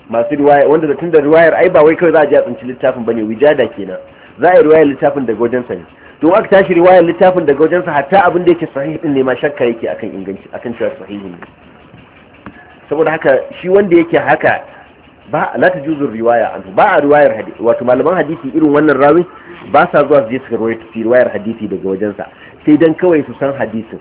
masu riwaya wanda tun da riwayar ai ba wai kawai za a ji a tsinci littafin bane wijada kenan za a yi riwayar littafin daga wajen sa ne to aka tashi riwayar littafin daga wajen sa hatta abin da yake sahih din ne ma shakka yake akan inganci akan cewa sahihin ne saboda haka shi wanda yake haka ba la ta juzur riwaya an ba a riwayar hadisi wato malaman hadisi irin wannan rawi ba sa zuwa su je su su riwayar hadisi daga wajensa sai dan kawai su san hadisin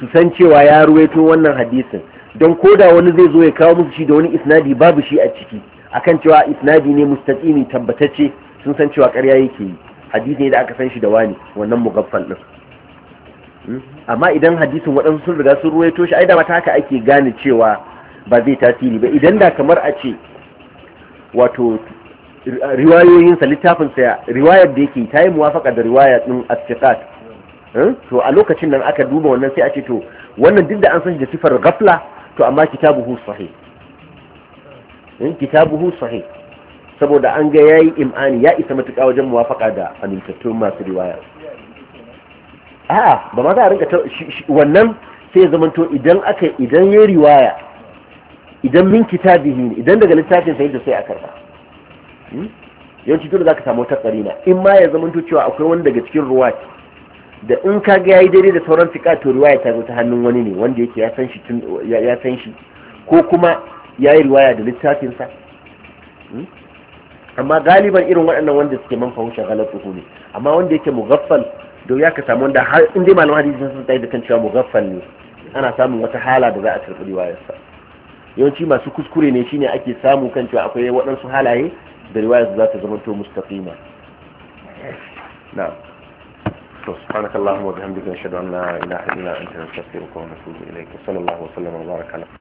su san cewa ya ruwaito wannan hadisin don koda wani zai zo ya kawo musu shi da wani isnadi babu shi a ciki akan cewa isnadi ne mustaqimi tabbatacce sun san cewa ƙarya yake yi hadisi ne da aka san shi da wani wannan mugaffal din hmm? amma idan hadisin waɗansu sun riga sun ruwaito shi ai da mata haka ake gane cewa ba zai tasiri ba idan da kamar a ce wato riwayoyinsa littafinsa riwayar da yake ta yi muwafaka da riwaya ɗin astiqat eh? to a lokacin nan aka duba wannan sai a ce to wannan duk da an san shi da gafla to amma kitabuhu sahih eh? kitabuhu sahi saboda an ga yayi imani ya isa matuƙa wajen muwafaka da amintattun masu riwaya a ba ma za a rinka wannan sai ya zamanto idan aka idan ya riwaya idan min kitabihi ne idan daga littafin sai da sai a karba hmm? yawanci dole zaka samu wata karina in ma ya zamanto cewa akwai wani daga cikin ruwat da in ka ga yayi daidai da sauran fiqa to riwaya ta zo ta hannun wani ne wanda yake ya san shi ya san shi ko kuma yayi riwaya da littafin sa hmm? amma galiban irin waɗannan wanda suke man fahimta galatu ne amma wanda yake mughaffal da ya ka samu wanda har in dai malaman hadisi sun tsaye da kan cewa mughaffal ne ana samun wata hala da za a karɓi riwayar sa yawanci masu kuskure ne shine ake samu kan cewa akwai waɗansu halaye da riwayar za ta zama to mustaqima na to subhanaka allahumma wa bihamdika ashhadu an la ilaha illa anta astaghfiruka wa atubu ilayk sallallahu wa sallama wa baraka